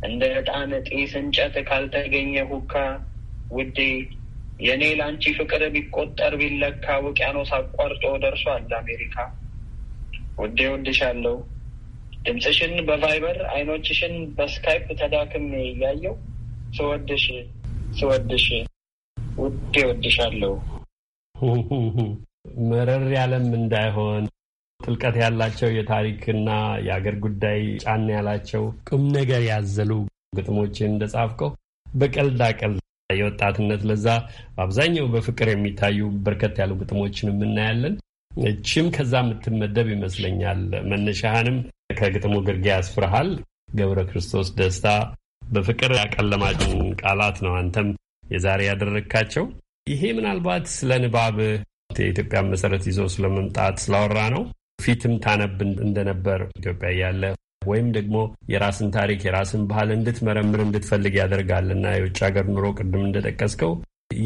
እንደ ዕጣን ጢስ እንጨት ካልተገኘ ሁካ ውዴ የእኔ ለአንቺ ፍቅር ቢቆጠር ቢለካ ውቅያኖስ አቋርጦ ደርሷል አሜሪካ። ውዴ ወድሻለሁ ድምፅሽን በቫይበር አይኖችሽን በስካይፕ ተዳክሜ እያየው ስወድሽ ስወድሽ ውዴ ወድሻለሁ። መረር ያለም እንዳይሆን ጥልቀት ያላቸው የታሪክና የአገር ጉዳይ ጫና ያላቸው ቁም ነገር ያዘሉ ግጥሞችን እንደጻፍከው በቀልዳ የወጣትነት ለዛ በአብዛኛው በፍቅር የሚታዩ በርከት ያሉ ግጥሞችን የምናያለን። እችም ከዛ የምትመደብ ይመስለኛል። መነሻህንም ከግጥሙ ግርጌ ያስፍርሃል። ገብረ ክርስቶስ ደስታ በፍቅር ያቀለማጭን ቃላት ነው አንተም የዛሬ ያደረግካቸው። ይሄ ምናልባት ስለ ንባብ የኢትዮጵያን መሰረት ይዞ ስለመምጣት ስላወራ ነው። ፊትም ታነብ እንደነበር ኢትዮጵያ እያለ ወይም ደግሞ የራስን ታሪክ የራስን ባህል እንድትመረምር እንድትፈልግ ያደርጋልና የውጭ ሀገር ኑሮ ቅድም እንደጠቀስከው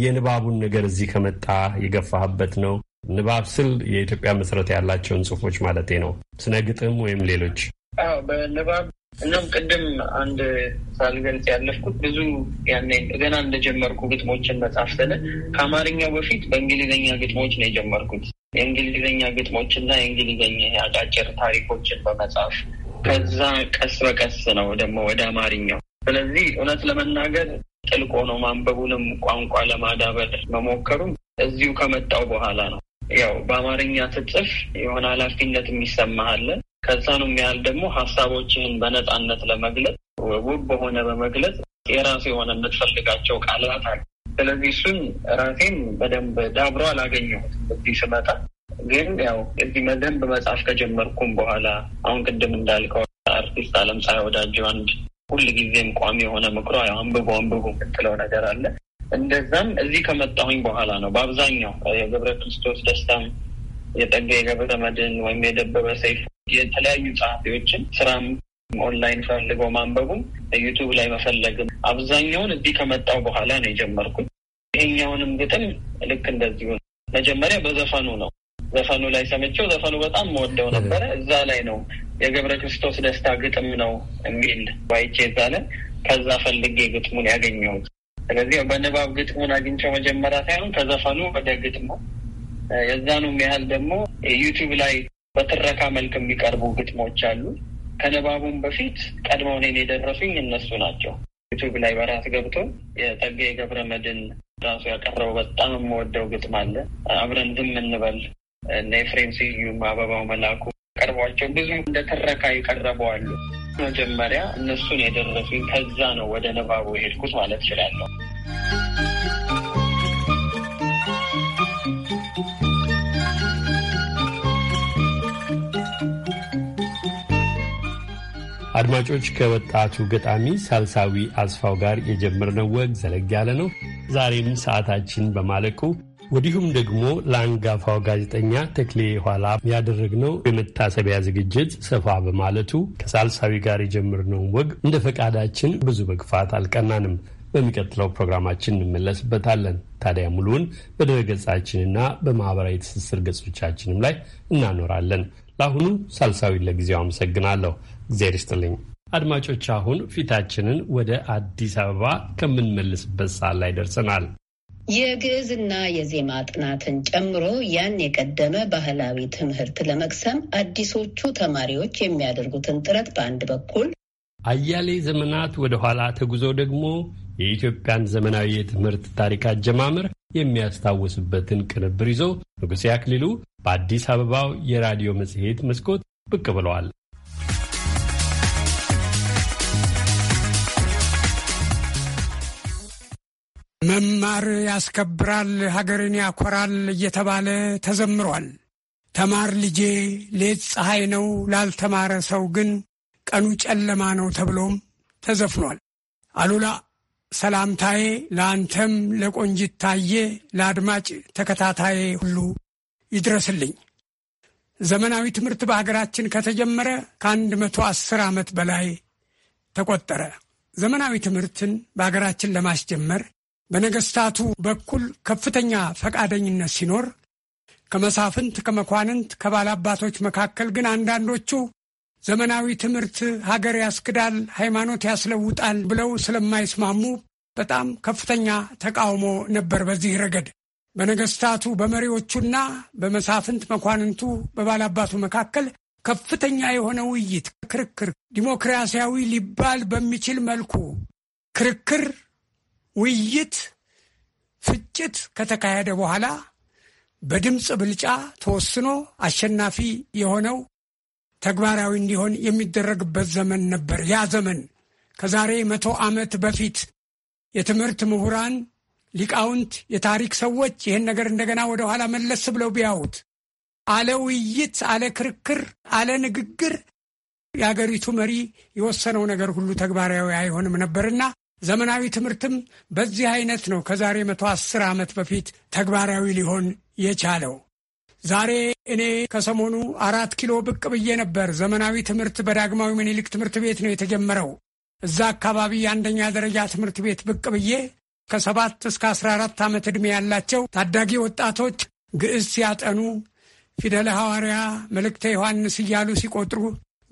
የንባቡን ነገር እዚህ ከመጣ የገፋህበት ነው። ንባብ ስል የኢትዮጵያ መሰረት ያላቸውን ጽሁፎች ማለቴ ነው፣ ስነ ግጥም ወይም ሌሎች። በንባብ እናም ቅድም አንድ ሳልገልጽ ያለፍኩት ብዙ ያኔ ገና እንደጀመርኩ ግጥሞችን መጻፍ ስለ ከአማርኛው በፊት በእንግሊዝኛ ግጥሞች ነው የጀመርኩት። የእንግሊዝኛ ግጥሞችና የእንግሊዝኛ አጫጭር ታሪኮችን በመጻፍ ከዛ ቀስ በቀስ ነው ደግሞ ወደ አማርኛው። ስለዚህ እውነት ለመናገር ጥልቆ ነው ማንበቡንም ቋንቋ ለማዳበር መሞከሩም እዚሁ ከመጣው በኋላ ነው። ያው በአማርኛ ትጽፍ የሆነ ኃላፊነት ከዛ ነው የሚያህል ደግሞ ሀሳቦችህን በነፃነት ለመግለጽ ውብ በሆነ በመግለጽ የራሱ የሆነ የምትፈልጋቸው ቃላት አለ። ስለዚህ እሱን ራሴን በደንብ ዳብሮ አላገኘሁት እዚህ ስመጣ ግን ያው እዚህ መደንብ መጽሐፍ ከጀመርኩም በኋላ አሁን ቅድም እንዳልከው አርቲስት አለም ፀሐይ ወዳጅ አንድ ጊዜም ቋሚ የሆነ ምክሮ ያው አንብቦ አንብቦ የምትለው ነገር አለ። እንደዛም እዚህ ከመጣሁኝ በኋላ ነው በአብዛኛው የገብረ ክርስቶስ ደስታም የገብረ መድን ወይም የደበበ ሰይፍ የተለያዩ ጸሐፊዎችን ስራም ኦንላይን ፈልጎ ማንበቡም ዩቱብ ላይ መፈለግም አብዛኛውን እዚህ ከመጣው በኋላ ነው የጀመርኩት። ይሄኛውንም ግጥም ልክ እንደዚሁ መጀመሪያ በዘፈኑ ነው ዘፈኑ ላይ ሰምቼው ዘፈኑ በጣም መወደው ነበረ። እዛ ላይ ነው የገብረ ክርስቶስ ደስታ ግጥም ነው የሚል ባይቼ እዛ ላይ ከዛ ፈልጌ ግጥሙን ያገኘሁት። ስለዚህ በንባብ ግጥሙን አግኝቼው መጀመሪያ ሳይሆን ከዘፈኑ ወደ ግጥሙ የዛኑም ያህል ደግሞ ዩቲዩብ ላይ በትረካ መልክ የሚቀርቡ ግጥሞች አሉ። ከንባቡም በፊት ቀድመው እኔን የደረሱኝ እነሱ ናቸው። ዩቱብ ላይ በራት ገብቶ የጸጋዬ ገብረ መድን ራሱ ያቀረበው በጣም የምወደው ግጥም አለ። አብረን ዝም እንበል እነ ኤፍሬም ስዩም፣ አበባው መላኩ ቀርቧቸው ብዙ እንደ ትረካ አሉ። መጀመሪያ እነሱን የደረሱኝ ከዛ ነው ወደ ንባቡ የሄድኩት ማለት እችላለሁ። አድማጮች ከወጣቱ ገጣሚ ሳልሳዊ አስፋው ጋር የጀመርነው ወግ ዘለግ ያለ ነው። ዛሬም ሰዓታችን በማለቁ ወዲሁም ደግሞ ለአንጋፋው ጋዜጠኛ ተክሌ ኋላ ያደረግነው የመታሰቢያ ዝግጅት ሰፋ በማለቱ ከሳልሳዊ ጋር የጀመርነውን ወግ እንደ ፈቃዳችን ብዙ በግፋት አልቀናንም። በሚቀጥለው ፕሮግራማችን እንመለስበታለን። ታዲያ ሙሉውን በድረገጻችንና በማኅበራዊ ትስስር ገጾቻችንም ላይ እናኖራለን። ለአሁኑ ሳልሳዊ ለጊዜው አመሰግናለሁ። እግዜር ይስጥልኝ። አድማጮች አሁን ፊታችንን ወደ አዲስ አበባ ከምንመልስበት ሰዓት ላይ ደርሰናል። የግዕዝና የዜማ ጥናትን ጨምሮ ያን የቀደመ ባህላዊ ትምህርት ለመቅሰም አዲሶቹ ተማሪዎች የሚያደርጉትን ጥረት በአንድ በኩል፣ አያሌ ዘመናት ወደ ኋላ ተጉዞ ደግሞ የኢትዮጵያን ዘመናዊ የትምህርት ታሪክ አጀማመር የሚያስታውስበትን ቅንብር ይዞ ንጉሴ አክሊሉ በአዲስ አበባው የራዲዮ መጽሔት መስኮት ብቅ ብለዋል። መማር ያስከብራል፣ ሀገርን ያኮራል እየተባለ ተዘምሯል። ተማር ልጄ ሌት ፀሐይ ነው፣ ላልተማረ ሰው ግን ቀኑ ጨለማ ነው ተብሎም ተዘፍኗል። አሉላ ሰላምታዬ ለአንተም ታዬ ለአድማጭ ተከታታዬ ሁሉ ይድረስልኝ። ዘመናዊ ትምህርት በሀገራችን ከተጀመረ ከአንድ መቶ አስር ዓመት በላይ ተቆጠረ። ዘመናዊ ትምህርትን በሀገራችን ለማስጀመር በነገስታቱ በኩል ከፍተኛ ፈቃደኝነት ሲኖር ከመሳፍንት፣ ከመኳንንት፣ ከባላባቶች መካከል ግን አንዳንዶቹ ዘመናዊ ትምህርት ሀገር ያስክዳል፣ ሃይማኖት ያስለውጣል ብለው ስለማይስማሙ በጣም ከፍተኛ ተቃውሞ ነበር። በዚህ ረገድ በነገስታቱ በመሪዎቹና በመሳፍንት መኳንንቱ፣ በባላባቱ መካከል ከፍተኛ የሆነ ውይይት፣ ክርክር ዲሞክራሲያዊ ሊባል በሚችል መልኩ ክርክር ውይይት፣ ፍጭት ከተካሄደ በኋላ በድምፅ ብልጫ ተወስኖ አሸናፊ የሆነው ተግባራዊ እንዲሆን የሚደረግበት ዘመን ነበር። ያ ዘመን ከዛሬ መቶ ዓመት በፊት የትምህርት ምሁራን፣ ሊቃውንት፣ የታሪክ ሰዎች ይህን ነገር እንደገና ወደ ኋላ መለስ ብለው ቢያዩት አለ ውይይት፣ አለ ክርክር፣ አለ ንግግር የአገሪቱ መሪ የወሰነው ነገር ሁሉ ተግባራዊ አይሆንም ነበርና ዘመናዊ ትምህርትም በዚህ አይነት ነው ከዛሬ መቶ አስር ዓመት በፊት ተግባራዊ ሊሆን የቻለው። ዛሬ እኔ ከሰሞኑ አራት ኪሎ ብቅ ብዬ ነበር። ዘመናዊ ትምህርት በዳግማዊ ምኒልክ ትምህርት ቤት ነው የተጀመረው። እዛ አካባቢ የአንደኛ ደረጃ ትምህርት ቤት ብቅ ብዬ ከሰባት እስከ አስራ አራት ዓመት ዕድሜ ያላቸው ታዳጊ ወጣቶች ግዕዝ ሲያጠኑ ፊደለ ሐዋርያ መልእክተ ዮሐንስ እያሉ ሲቆጥሩ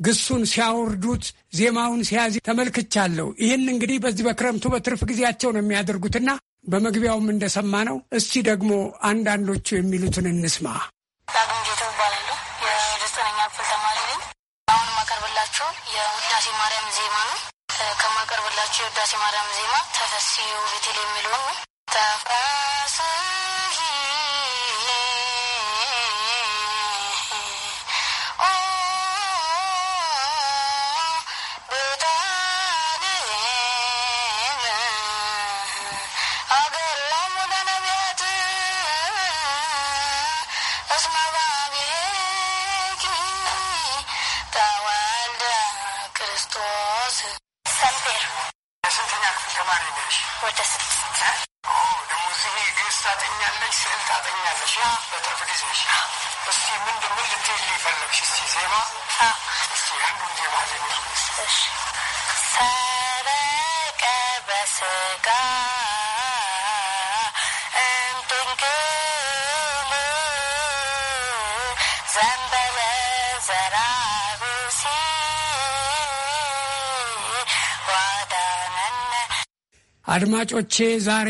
ግሱን ሲያወርዱት ዜማውን ሲያዝ ተመልክቻለሁ። ይህን እንግዲህ በዚህ በክረምቱ በትርፍ ጊዜያቸው ነው የሚያደርጉትና በመግቢያውም እንደሰማ ነው። እስቲ ደግሞ አንዳንዶቹ የሚሉትን እንስማ። ዳግም ጌቶ የዘጠነኛ ክፍል ተማሪ ነኝ። አሁን የማቀርብላቸው የውዳሴ ማርያም ዜማ ነው። ከማቀርብላቸው የውዳሴ ማርያም ዜማ ተፈሲ በትርፍ ጊዜሽ እስቲ ምንድን ፈለግሽ? እስቲ ዜማ እስቲ አንዱን ዜማ ዜማ ሰረቀ በስጋ አድማጮቼ ዛሬ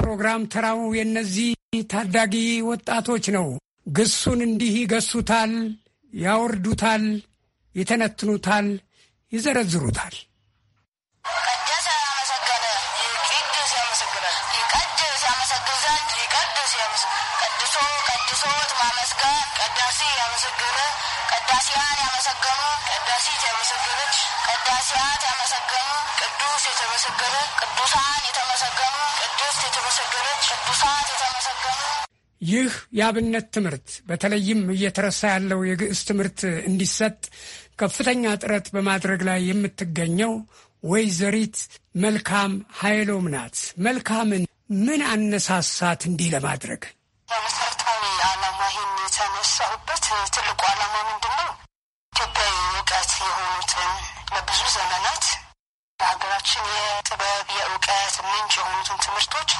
ፕሮግራም ተራው የነዚህ ታዳጊ ወጣቶች ነው። ግሱን እንዲህ ይገሱታል፣ ያወርዱታል፣ ይተነትኑታል፣ ይዘረዝሩታል። ይህ የአብነት ትምህርት በተለይም እየተረሳ ያለው የግዕዝ ትምህርት እንዲሰጥ ከፍተኛ ጥረት በማድረግ ላይ የምትገኘው ወይዘሪት መልካም ሀይሎም ናት። መልካምን ምን አነሳሳት እንዲህ ለማድረግ? በመሰረታዊ ዓላማ ይህን የተነሳሁበት ትልቁ ዓላማ ምንድን ነው? ኢትዮጵያዊ እውቀት የሆኑትን ለብዙ ዘመናት በሀገራችን የጥበብ የእውቀት ምንጭ የሆኑትን ትምህርቶች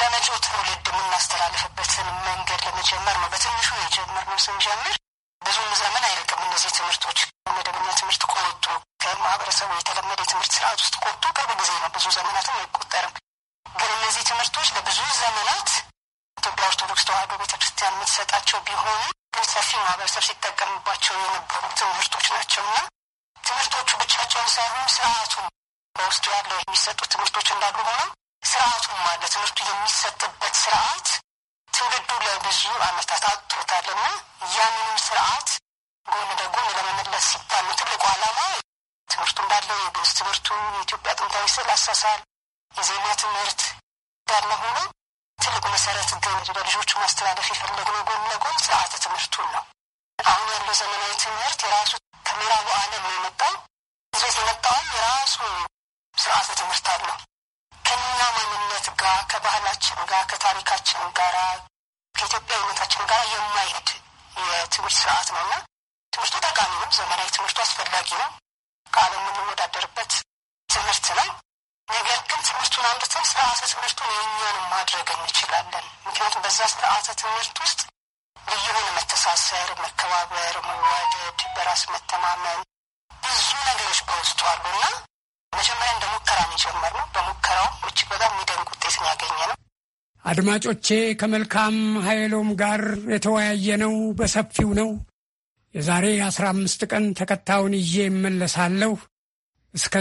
ለመጪው ትውልድ የምናስተላልፍበትን መንገድ ለመጀመር ነው። በትንሹ የጀመርነው ስንጀምር ብዙም ዘመን አይርቅም። እነዚህ ትምህርቶች መደበኛ ትምህርት ከወጡ ከማህበረሰቡ የተለመደ የትምህርት ስርዓት ውስጥ ከወጡ ቅርብ ጊዜ ነው። ብዙ ዘመናትም አይቆጠርም። ግን እነዚህ ትምህርቶች ለብዙ ዘመናት ኢትዮጵያ ኦርቶዶክስ ተዋህዶ ቤተክርስቲያን የምትሰጣቸው ቢሆኑ ግን ሰፊ ማህበረሰብ ሲጠቀምባቸው የነበሩ ትምህርቶች ናቸው እና ትምህርቶቹ ብቻቸውን ሳይሆን ስርዓቱ በውስጡ ያለው የሚሰጡ ትምህርቶች እንዳሉ ሆነው ስርዓቱም አለ ትምህርቱ የሚሰጥበት ስርዓት ትውልዱ ለብዙ አመታት አጥቶታል እና ያንንም ስርዓት ጎን ለጎን ለመመለስ ሲባል ነው ትልቁ ዓላማ። ትምህርቱ እንዳለ የግዕዝ ትምህርቱ፣ የኢትዮጵያ ጥንታዊ ስዕል አሳሳል፣ የዜማ ትምህርት እንዳለ ሆኖ ትልቁ መሰረት ግን ለልጆቹ ማስተላለፍ የፈለግነው ጎን ለጎን ስርዓተ ትምህርቱን ነው። አሁን ያለው ዘመናዊ ትምህርት የራሱ ከምዕራቡ ዓለም ነው የመጣው። እዚህ የመጣውም የራሱ ስርዓተ ትምህርት አለው። ከኛ ማንነት ጋር ከባህላችን ጋር ከታሪካችን ጋር ከኢትዮጵያዊነታችን ጋር የማይሄድ የትምህርት ስርዓት ነው እና ትምህርቱ ጠቃሚ ነው። ዘመናዊ ትምህርቱ አስፈላጊ ነው። ከዓለም የምንወዳደርበት ትምህርት ነው። ነገር ግን ትምህርቱን አምርተን ስርዓተ ትምህርቱን የእኛንም ማድረግ እንችላለን። ምክንያቱም በዛ ስርዓተ ትምህርት ውስጥ ልዩ የሆነ መተሳሰር፣ መከባበር፣ መዋደድ፣ በራስ መተማመን ብዙ ነገሮች በውስጡ አሉ እና መጀመሪያ እንደ ሙከራ ነው የጀመርነው። በሙከራው እጅግ በጣም የሚደንቅ ውጤት ነው ነው። አድማጮቼ ከመልካም ኃይሎም ጋር የተወያየ ነው በሰፊው ነው። የዛሬ አስራ አምስት ቀን ተከታዩን ይዤ እመለሳለሁ። እስከ